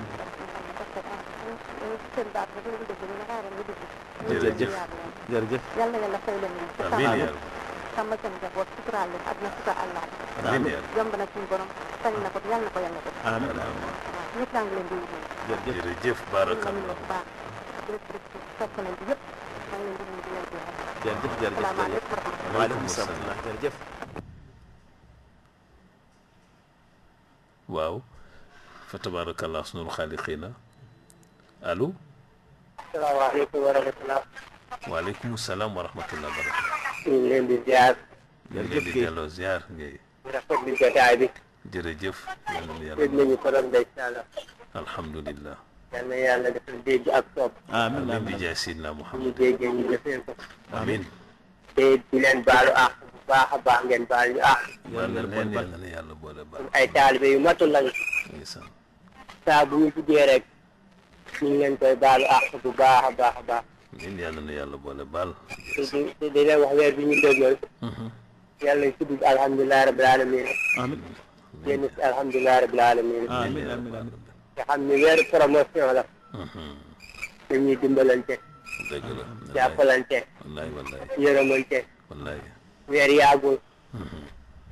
seen baat ba dégg ñu ne xaaral ñu dugg. jërëjëf jërëjëf yàlla yàlla fay leen sàmmal seen njaboot suturaal leen àdduna sutura àllaa yomb na suñu borom sañ na ko yàlla na ko yàlla na ko amiin waaw ñëpp laa ngi leen di nuyu jërëjëf barakallah baax sopp nañ bi yëpp maa ngi leen di nuyu di leen ziar jërëjëf jërëjëf waaleykum salaam jërëjëf waaw fa tabarakallah sunul xaaliqiina allo salaamaaleykum wa rahmatullah waaleykum salaam wa rahmatullah barakatu ñu ngi leen di ziar. ñu ngi leen di delloo ziar Ndiaye. rafetlu jotaay bi. jërëjëf. yal na yàlla dégg nañu korom ndeysaan. alhamdulilah. yal na yàlla defal dégg ak topp. amiin amiin di jaay Sidna Muhammad. ñu déggee ñu defee ko. amiin. te di leen baalu àq bu baax a baax ngeen baal ñu àq. yal na leen yal na yàlla boole baax. ay taalibe yu matul lañu. saa bu ñu duggee rek. ñu ngi leen koy baalu àq bu baax a baax a baax. amiin yàlla na yàlla boole baal. di di leen wax weer bi ñu déggoon. Mhm. yàlla ñu tudd alhamdulilah rabil alamin. amiin génn si alhamdulilah rabil alamin. amiin amiin amiin. nga xam ne weeru promotion la. Mhm. dañuy weer yaagul. Mhm.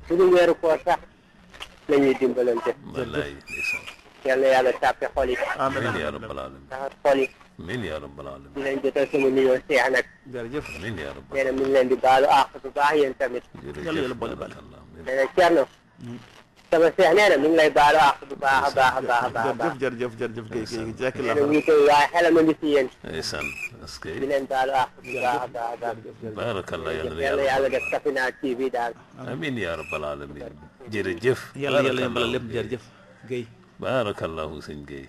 suñu weeru koor sax la ñuy dimbalante. wallaay. yàlla yàlla amiin yaa rabbal aalamiin. mu leen jotal sama nuyoo seex nag. jërëjëf amiin yaa rabbal aalamiin. nee na mu ngi leen di baalu àq bu baax yéen tamit. jërëjëf nee na Thierno. sama seex nee na mu ngi lay baalu àq bu baax a baax a baax a baax. jërëjëf jërëjëf kay kay jekk la. nee na wuute waaye xelam a ngi si yéen. ndeysaan parce que. di leen baalu àq bu baax a baax a baax. baarakallah yàlla yàlla def Safina TV daal. amiin yaa rabbal aalamiin. jërëjëf. yàlla yàlla yàlla lépp jërëjëf Guèye. baarakallahu sëñ Guèye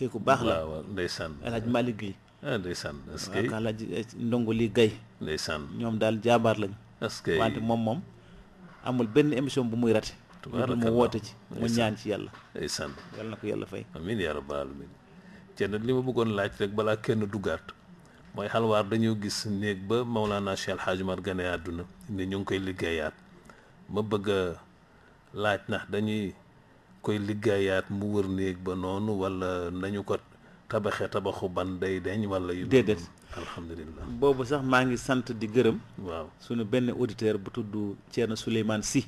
kii ku baax la waaw ndeysaan El eh, Hadj Malick Guèye eh, ah eske est ce que ak El eh, Hadj Ndongo Ly Guèye ndeysaan ñoom daal jaabaar lañ eske wante moom moom amul benn émission bu muy rate tubaar mu woote ci mu ñaan ci yàlla ndeysaan yàlla na ko fay amin ya rabbal alamin ceen li ma bëggoon laaj rek balaa kenn duggaat mooy xalwaar dañoo gis néeg ba Maulana Cheikh El Hadj Mar gane àdduna ne ñu ngi koy liggéeyaat ma bëgg laaj ndax dañuy koy liggéeyaat mu wër néeg ba noonu wala nañu ko tabaxe tabaxu ban day deñ wala yu déedéet alhamdulilah boobu sax maa ngi sant di gërëm waaw suñu benn auditeur bu tudd Thierno Souleymane Sy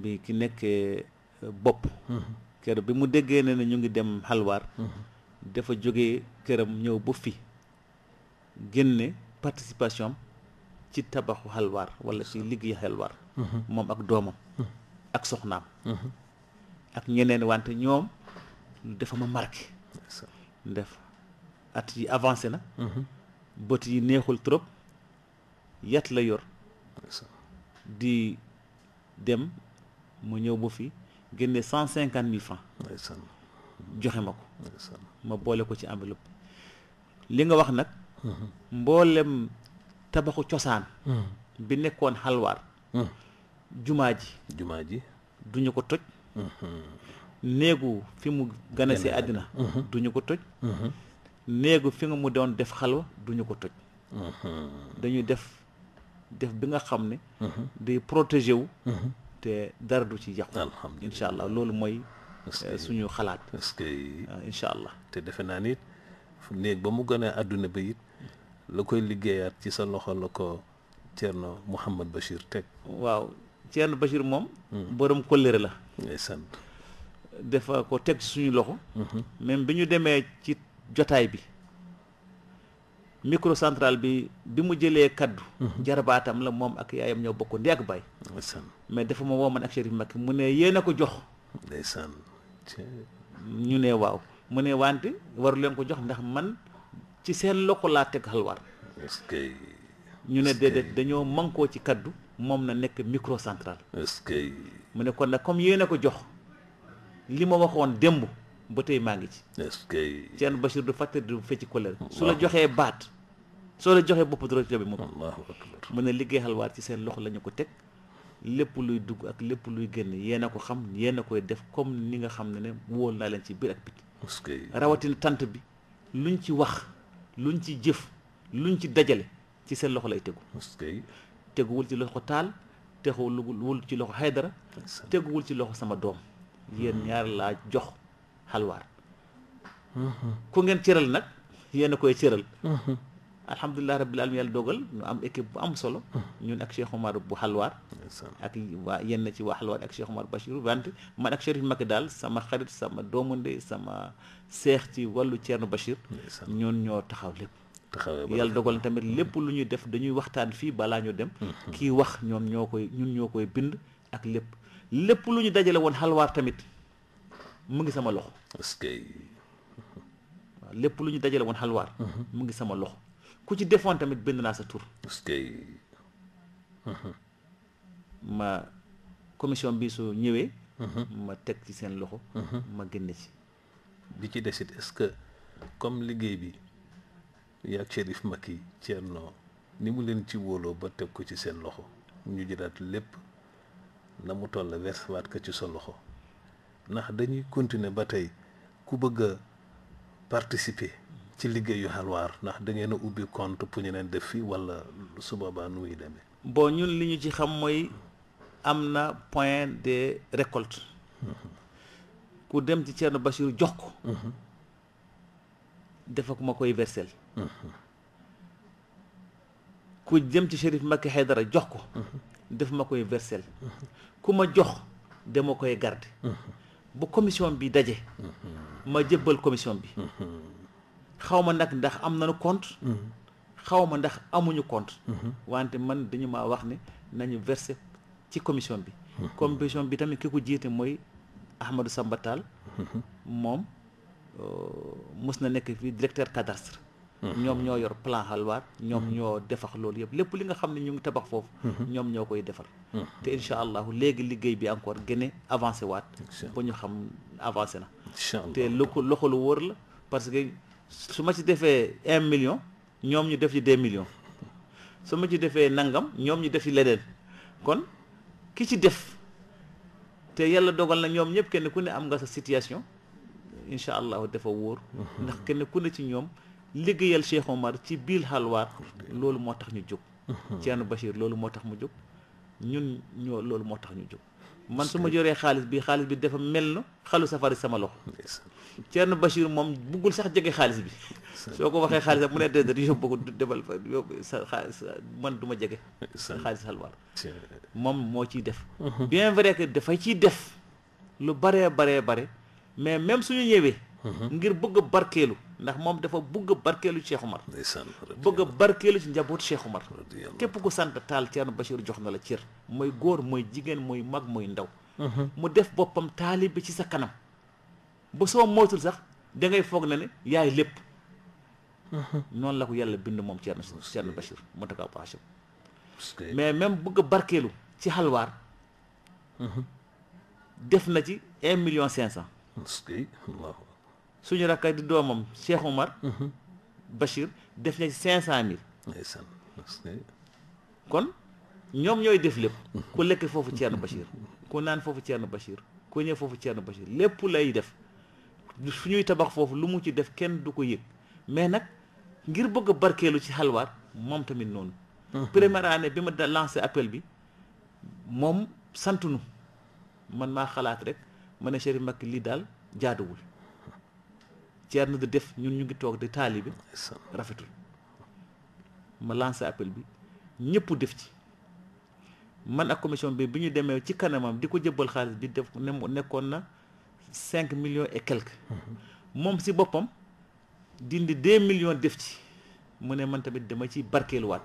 bi ki nekkee euh, bopp kër bi mu déggee ne ñu ngi dem xalwaar dafa jógee këram ñëw ba fi génne participation ci tabaxu xalwaar wala ci liggéey xalwaar moom ak doomam ak soxnaam ak ñeneen wante ñoom defa ma marqué def at yi avancé na mhm. bët yi neexul trop yat la yor di dem mu ñëw ba fi génne cent cinquante mille francs joxe ma ko ma boole ko ci enveloppe li nga wax nag mhm. mboolem tabaxu cosaan mhm. bi nekkoon xalwaar jumaa ji jumaa ji ko toj néegu fi mu gane si àddina duñu ko toj mm-hmm. Mm-hmm. néegu fi nga mu doon def xalwa duñu ko toj mm-hmm. dañuy def def bi nga xam ne day protéger wu te dara du ci yàqu incha allah loolu mooy euh, suñu xalaat parce que euh, incha allah te defe naa nit néeg ba mu gën àdduna ba it lu koy liggéeyaat ci sa loxo la ko Thierno Mouhamed Bachir teg waaw Thierno Bachir moom. Hmm. borom kóllëre la. ndeysaan. dafa ko teg suñu loxo. Hmm. même bi ñu demee ci jotaay bi microcentral bi bi mu jëlee kaddu. Hmm. jarabaatam la moom ak yaayam ñoo bokk ndey ak baay. mais dafa ma woo man ak Chérif Mbacké mu ne yéen a ko jox. ndeysaan. ñu ne waaw mu ne wante waru leen ko jox ndax man ci seen loxo laa teg xalwaar. ñu ne déedéet dañoo mankoo ci kaddu moom na nekk microcentral est-ce que mu ne kon nag comme yéen a ko jox li ma waxoon démb ba tey maa ngi ci est-ce que Thierno Bachir du fàttali du fecc colère su la joxee baat soo la joxee bopp directeur bi moom mu ne liggéey xalwaat ci seen loxo la ñu ko teg lépp luy dugg ak lépp luy génn yéen a ko xam yéen a koy def comme ni nga xam ne ne wóol naa leen ci biir ak bit rawatina tant bi luñ ci wax luñ ci jëf luñ ci dajale ci seen loxo lay tegu teguwul ci loxo taal teguwul ci loxo xaydara teguwul ci loxo sama doom yéen mm-hmm. ñaar laa jox xalwaar mm-hmm. ku ngeen cëral nag yéen a koy cëral mm-hmm. alhamdulilah rabbil alamin yàlla dogal ñu am équipe bu am solo ñun ak Cheikh Omar bu xalwaar ak waa yenn ci waa xalwaar ak Cheikh Omar Bachir wante man Maki daal sama xarit sama doomu sama seex ci wàllu Thierno Bachir ñoon ñoo taxaw lépp yàlla dogal tamit lépp lu ñuy def dañuy waxtaan fii balaa ñu dem hmm, hmm. kii wax ñoom ñoo koy ñun ñoo koy bind ak lépp lépp lu ñu dajale woon xalwaar tamit mu ngi sama loxo waaw lépp lu ñu dajale woon xalwaar hmm, mu ngi sama loxo ku ci defoon tamit benn naa sa tur ma commission bi su ñëwee ma teg ci seen loxo ma génne ci bi ci desit est-ce que comme liggéey bi yaa Cherif Macky Thierno ni mu leen ci wóoloo ba teg ko ci seen loxo ñu jëlaat lépp na mu toll versewaat ko ci sa loxo ndax dañuy continuer ba tey ku bëgg a participer ci liggéeyu xalwaar ndax da ngeen a ubbi compte pour ñu leen def fii wala su boobaa nu muy deme bon ñun li ñu ci xam mooy am na point de récolte. Mhm. ku dem ci Thierno Bachir jox ko. Mhm. dafa koy versel ku jëm ci Chérif Mbacké dara jox ko def ma koy versel ku ma jox dema koy garde bu commission bi daje ma jëbbal commission bi xaw ma nag ndax am nañu compte xaw ma ndax amuñu compte wante man dañu ma wax ne nañu versé ci commission bi commission bi tamit ki ko jiite mooy Ahmadou Samba Tall moom euh, mos na nekk fii directeur cadastre Mm-hmm. ñoom ñoo yor plan xalwaat ñoom mm-hmm. ñoo defax loolu yëpp lépp li nga xam ne ñu ngi tabax foofu mm-hmm. ñoom ñoo koy defar te incha allahu léegi liggéey bi encore génne avancé waat ba ñu xam avancé na te lu ko loxo lu wóor la parce que su ma ci defee un million ñoom ñu def ci deux million su ma ci defee nangam ñoom ñu def ci leneen kon ki ci def te yàlla dogal na ñoom ñëpp kenn ku ne am nga sa situation incha allahu defa wóor ndax kenn ku ne ci ñoom liggéeyal Cheikh Omar ci biir xalwaat loolu moo tax ñu jóg Thierno Bachir loolu moo tax mu jóg ñun ñoo loolu moo tax ñu jóg man su ma joree xaalis bi xaalis bi dafa mel na xalu safari sama loxo Thierno Bachir moom buggul sax jege xaalis bi soo ko waxee xaalis mu ne déedéet yóbbu ko defal yóbbu sa xaalis man duma ma jege xaalis xalwaat moom moo ciy def bien vrai que dafay ci def lu baree baree bare mais même suñu ñëwee ngir bëgg a barkeelu ndax moom dafa bëgg a barkeelu Cheikh Umar bëgg a barkeelu ci njaboot Cheikh Umar képp ku sant taal Thierno Bachir jox na la cër mooy góor mooy jigéen mooy mag mooy ndaw mhm. mu def boppam taalibe ci sa kanam ba soo moytul sax da ngay foog na ne yaay lépp mhm. noonu la ko yàlla bind moom Thierno Thierno Bachir moo tax Hachim mais même bëgg a barkeelu ci xalwaar mhm. def na ci un million cinq cent suñu rakka di doomam Cheikh Omar. Bachir def na cinq cent mille. kon ñoom ñooy def lépp. ku lekk foofu Thierno Bachir. ku naan foofu Thierno Bachir ku ñëw foofu Thierno Bachir lépp lay def suñuy tabax foofu lu mu ci def kenn du ko yëg mais nag ngir bëgg a barkeelu ci xalwaat moom tamit noonu. Mhm. première année bi ma da lancé appel bi moom santunu man maa xalaat rek mën a Chérif Mbacké lii daal jaaduwul. na di def ñun ñu ngi toog di taalibe rafetul ma lancé appel bi ñëpp def ci man ak commission bi bi ñu demee ci kanamam di ko jëbal xaalis bi def ne nekkoon na cinq millions et quelque mhm. moom si boppam dindi deux millions def ci mu ne man tamit dama ci barkeeluwaat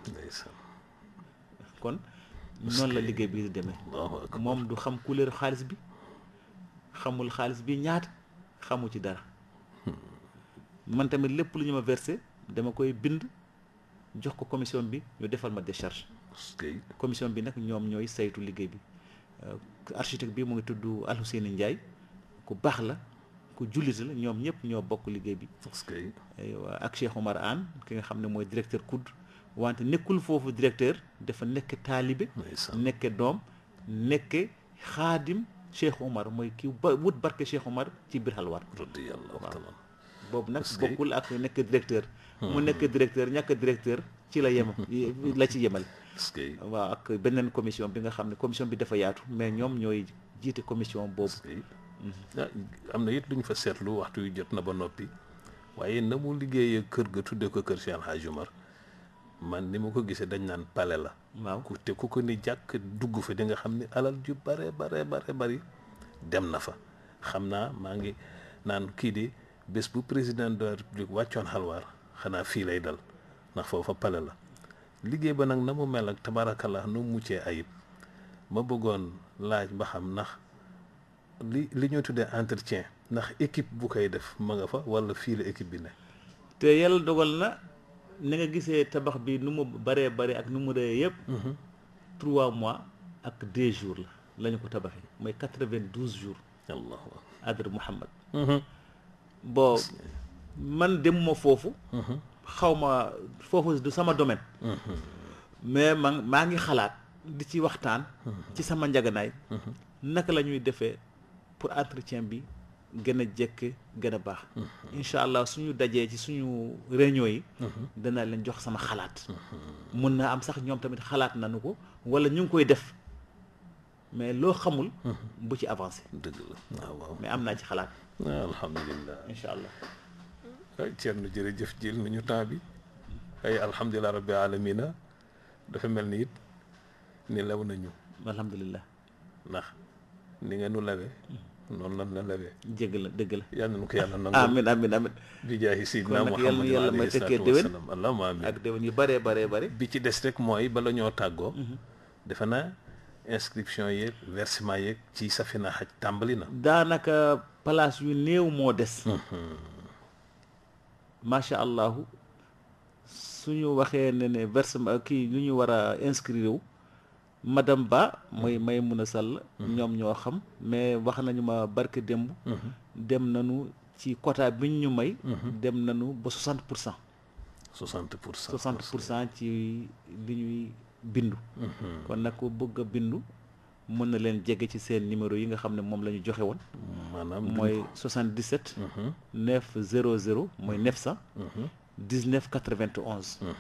kon noonu la liggéey bi di demee moom du xam couleur xaalis bi xamul xaalis bi ñaat xamu ci dara man tamit lépp lu ñu ma versé dama koy bind jox ko commission bi ñu defal ma décharge. commission bi nag ñoom ñooy saytu liggéey bi. Euh, architecte bi mu ngi tudd Alhousseyni Ndiaye ku baax la ku jullit la ñoom ñëpp ñoo bokk liggéey bi. ak Cheikh Omar Anne ki nga xam ne mooy directeur COUD wante nekkul foofu directeur dafa nekk taalibe. nekke doom nekke xaadim Cheikh Omar mooy ki wut barke Cheikh Omar ci biir xalwaar. boobu nag bokkul ak nekk directeur hmm. mu nekk directeur ñàkk directeur ci la yem hmm. la ci yemal waaw ak beneen commission bi nga xam ne commission bi dafa yaatu mais ñoom ñooy jiite commission boobu hmm. am na it lu ñu fa seetlu waxtu yu jot na ba noppi waaye na mu liggéeyee kër ga tuddee ko kër Cheikh Alhaji Omar man ni ma ko gisee dañ naan pale la waaw te ku ko ni jàkk dugg fa di nga xam ne alal ju bare bare bare bari dem na fa xam naa maa ngi naan kii di bés bu président de la république wàccoon xalwaar xanaa fii lay dal ndax foofa pale la liggéey ba nag na mu mel ak tabarakallah nu muccee ayib ma bëggoon laaj ba xam ndax li li ñoo tuddee entretien ndax équipe bu koy def ma nga fa wala fii la équipe bi ne te yàlla dogal na ni nga gisee tabax bi nu mu baree bari ak nu mu rëyee yëpp mhm. trois mois ak deux jours la la ko tabaxee mooy quatre-vingt-douze jours allah adr Muhammad mhm. bon man demuma foofu. Mhm. xaw ma foofu du sama domaine. Mhm. mais man maa ngi xalaat di ci waxtaan. Mhm. ci sama njaganaay. naka la ñuy defee pour entretien bi gën a jëkk gën a baax. incha allah suñu dajee ci suñu réunion yi. danaa leen jox sama xalaat. mun naa am sax ñoom tamit xalaat nañu ko wala ñu ngi koy def. mais loo xamul. bu ci avancé. dëgg la waaw mais am naa ci xalaat. alhamdulilah incha allah. ay Thierno jërëjëf jël nañu temps bi ay alhamdulilah rabbi alamina dafa mel ni it ni law nañu. alhamdulilah. ndax ni nga nu lawee. noonu lan la lawee. jëgg la dëgg la. yàlla nu ko yàlla nangu amin amin amin bi jaay sidna Muhammad yàlla may fekkee déwén allahumma amiin ak déwén yu bare bare bare bi ci des rek mooy bala ñoo tàggoo. defe naa. inscription yeeg versement yeeg ci Safina Haj tàmbali na. daanaka place yu mo dess des. Mhm. macha allah suñu waxé né qui versement ki ñu wara inscrire madame Ba mooy mhm. Maymuna Sall. Mhm. ñom ñoo xam mais wax nañu ma barke démb. dem nañu ci quota biñ ñu may. dem nañu ba 60 60 60 qui ci bindu mhm. kon nag ku bëgg a bindu mën na leen jege ci seen numéro yi nga xam ne moom la ñu joxe woon maanaam mooy 77 900 mhm. mooy 900 19 91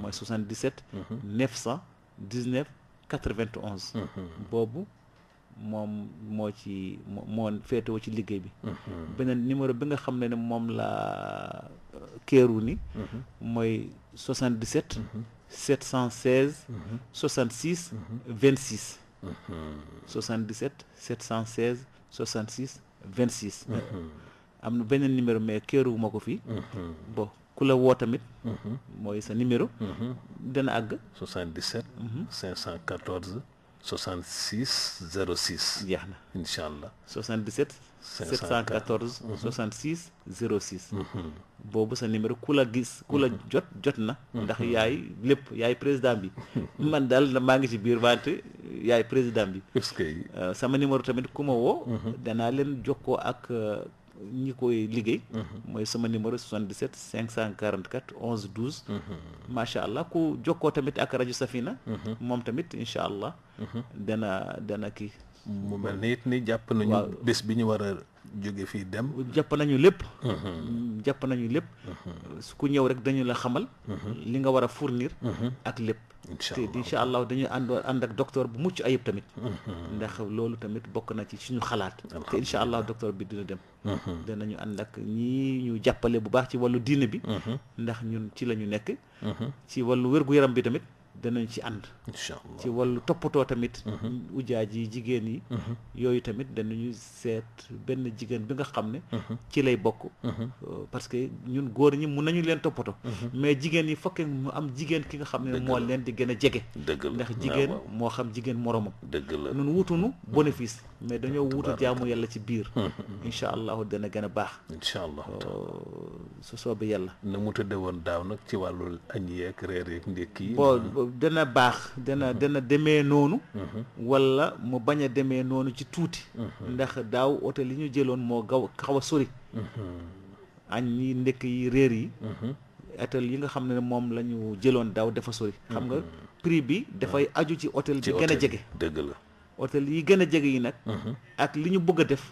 mooy 77 900 19 91 boobu moom moo ci moo féetewoo ci liggéey bi mhm. beneen numéro bi nga xam ne ne moom la euh, kéeru ni mooy 77 716 66 26 77 716 66 26 am na beneen numéro mais kéeruwuma ko fii mhm. bon ku la woo mhm. mooy sa numéro mhm. dana àgg 77 66 06. jeex na incha allah. 77. 514 714. 66 06. boobu sa numéro ku la gis ku la mhm. jot jot na. Mhm. ndax yaay lépp yaay président bi. Mhm. man daal maa ngi ci biir wante yaay président bi. est-ce euh, sama numéro tamit ku ma woo. danaa leen jokkoo ak. Euh, ñi koy liggéey mhm. mooy sama numéro 77 544 11 12 macha allah ku jokkoo tamit ak rajo Safina mhm. moom tamit incha allah mhm. dana dana kii mu mel ni it ni jàpp nañu bés bi ñu war jóge fii dem. jàpp nañu lépp. jàpp nañu lépp. su ku ñëw rek dañu la xamal. li nga war a fournir. ak lépp. incha allah te incha allah dañuy ànd ànd ak docteur bu mucc ayib tamit. ndax loolu tamit bokk na ci suñu xalaat. te incha allah docteur bi dina dem. danañu ànd ak ñii ñu jàppale bu baax ci wàllu diine bi. ndax ñun ci la nekk. ci wàllu wér gu yaram bi tamit. danañ ci ànd ci wàllu toppatoo tamit mhm. ujaaj yi jigéen yi mhm. yooyu tamit danañu seet benn jigéen bi nga xam ne mhm. ci lay bokk euh, parce que ñun góor ñi mun nañu leen toppatoo mais jigéen yi fokkee mu am jigéen ki nga xam ne moo leen di gën a jege ndax jigéen moo xam jigéen moromam dëgg la ñun wutunu bénéfice mais dañoo wutu jaamu yàlla ci biir incha allahu dana gën a baax incha euh, su soobee yàlla na mu tëdde woon daaw nag ci wàllu añ yeeg reer yeeg ndékki dana baax dana mhm. dana demee noonu mhm. wala mu bañ a demee noonu ci tuuti mhm. ndax daaw oto li ñu jëloon moo gaw xaw a sori añ yi réer yi hôtel yi nga xam ne moom lañu jëloon daaw dafa sori xam nga prix bi dafay aju ci hôtel bi gën a jege dëgg la yi gën a jege yi nag ak li ñu bëgg a def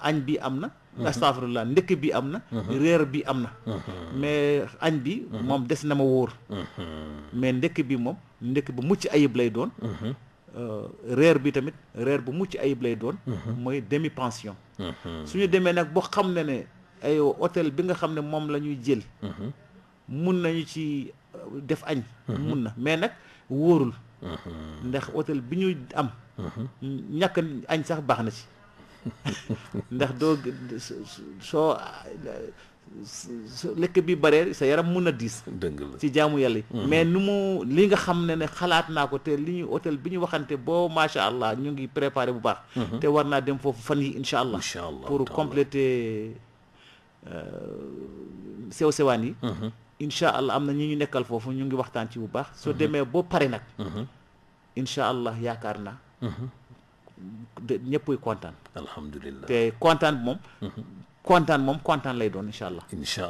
añ bi am na mhm. astafurlah ndëkk bi am na mhm. réer bi am na mhm. mais añ bi moom des na ma wóor mais ndëkk bi moom ndëkk bu mucc ayib lay doon euh, reer bi tamit reer bu mucc ayib lay doon mooy demi pension suñu demee nag boo xam ne ne ay hôtel bi nga xam ne moom la ñuy jël mun nañu ci euh, def añ mun na mais nag wóorul ndax hôtel bi ñuy am ñàkk añ sax baax na ci ndax doo soo lekk bi bare sa yaram mun a diis ci jaamu yàlla yi mm-hmm. mais nu mu li nga xam ne ne xalaat naa ko te li ñu hôtel bi ñu waxante boo macha allah ñu ngi préparé bu baax mm-hmm. te war naa dem foofu fan yi incha allah pour compléter euh, sew sewaan yi mm-hmm. incha allah am na ñi ñu nekkal foofu ñu ngi waxtaan ci bu baax soo demee boo pare nag incha allah yaakaar naa ñëppay kontaan. alhamdulilah te kontaan moom. kontaan moom kontaan lay doon incha allah. incha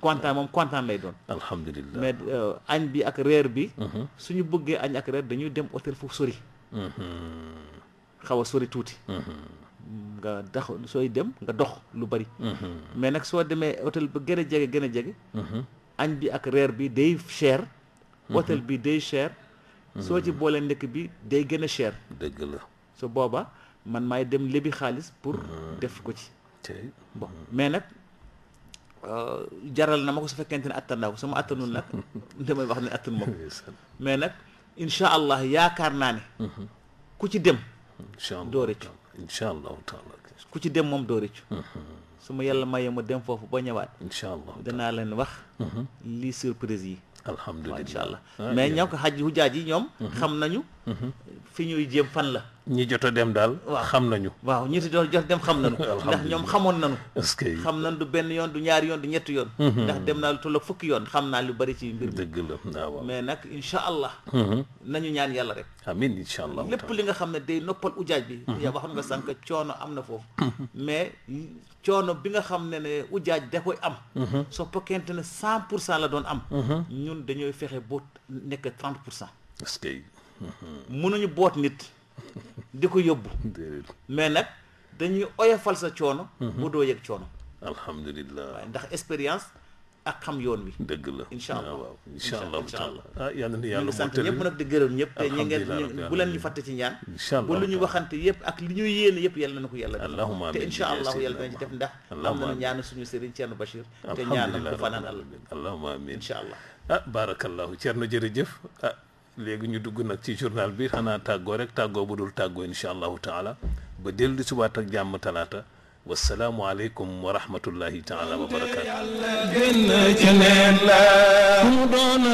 kontaan moom kontaan lay doon. alhamdulilah mais euh, añ bi ak reer bi. Mhm. suñu bëggee añ ak reer dañuy dem hôtel fu sori. Mhm. xaw sori tuuti. Mhm. nga dax sooy dem nga dox lu bari. mais nag soo demee hôtel ba gën a jege gën a jege. añ bi ak reer bi day cher. hôtel bi day cher. soo ci boole ndekk bi day gën a cher. dëgg la. su booba man maay dem lebi xaalis pour ah. def ko ci bon mais nag euh, jaral na ma ko su fekkente ne attan naa ko su ma attanul nag damay wax ne attan ma mais nag incha allah yaakaar naa ne mhm. ku ci dem doo rëccu ku ci dem moom doo rëccu mhm. su ma yàlla mayee ma dem foofu ba ñëwaat incha allah leen wax mhm. lii surprise yi ah, mais ñoo ko xaj hujjaaj yi ñoom xam nañu fi ñuy jéem fan la ñi jot a dem daal. waaw xam nañu. waaw ñi si jot dem xam nañu. ndax ñoom xamoon nañu. xam nañ du benn yoon du ñaari yoon du ñetti yoon. Mhm. ndax dem naa lu toll fukki yoon. xam naa lu bari ci mbir mi dëgg la waaw mais nag incha allah. Mhm. nañu yàlla rek. amiin incha lépp li nga xam ne day noppal ujaaj bi. Mhm. yaa wax nga sànq coono am na foofu. mais coono bi nga xam ne ne ujaaj da koy am. soo pokkente ne cent pour cent la doon am. ñun dañooy fexe boo nekk trente pour cent. est-ce que. boot nit. di ko yóbbu mais nag dañuy oyofal sa coono bu doo yëg coono alhamdulilah ndax expérience ak xam yoon wi dëgg la incha allah yàlla na yàlla sant ñëpp nag di gërëm ñëpp te ñu ngeen bu leen ñu fàtte ci ñaan bu lu ñu waxante yëpp ak li ñuy yéene yëpp yàlla na ko yàlla allahumma te incha allahu yàlla danañ ci def ndax am nañu ñaan suñu sëriñ Thierno Bachir te ñaan ko fanaan àll amin incha allah ah barakallahu Thierno jërëjëf ah léegi ñu dugg nag ci journal bi xanaa tàggoo rek tàggoo bu dul tàggoo incha allahu taala ba dellu si waat ak jàmm talaata wasalaamu aleykum wa rahmatullahi taala wa barakaatu.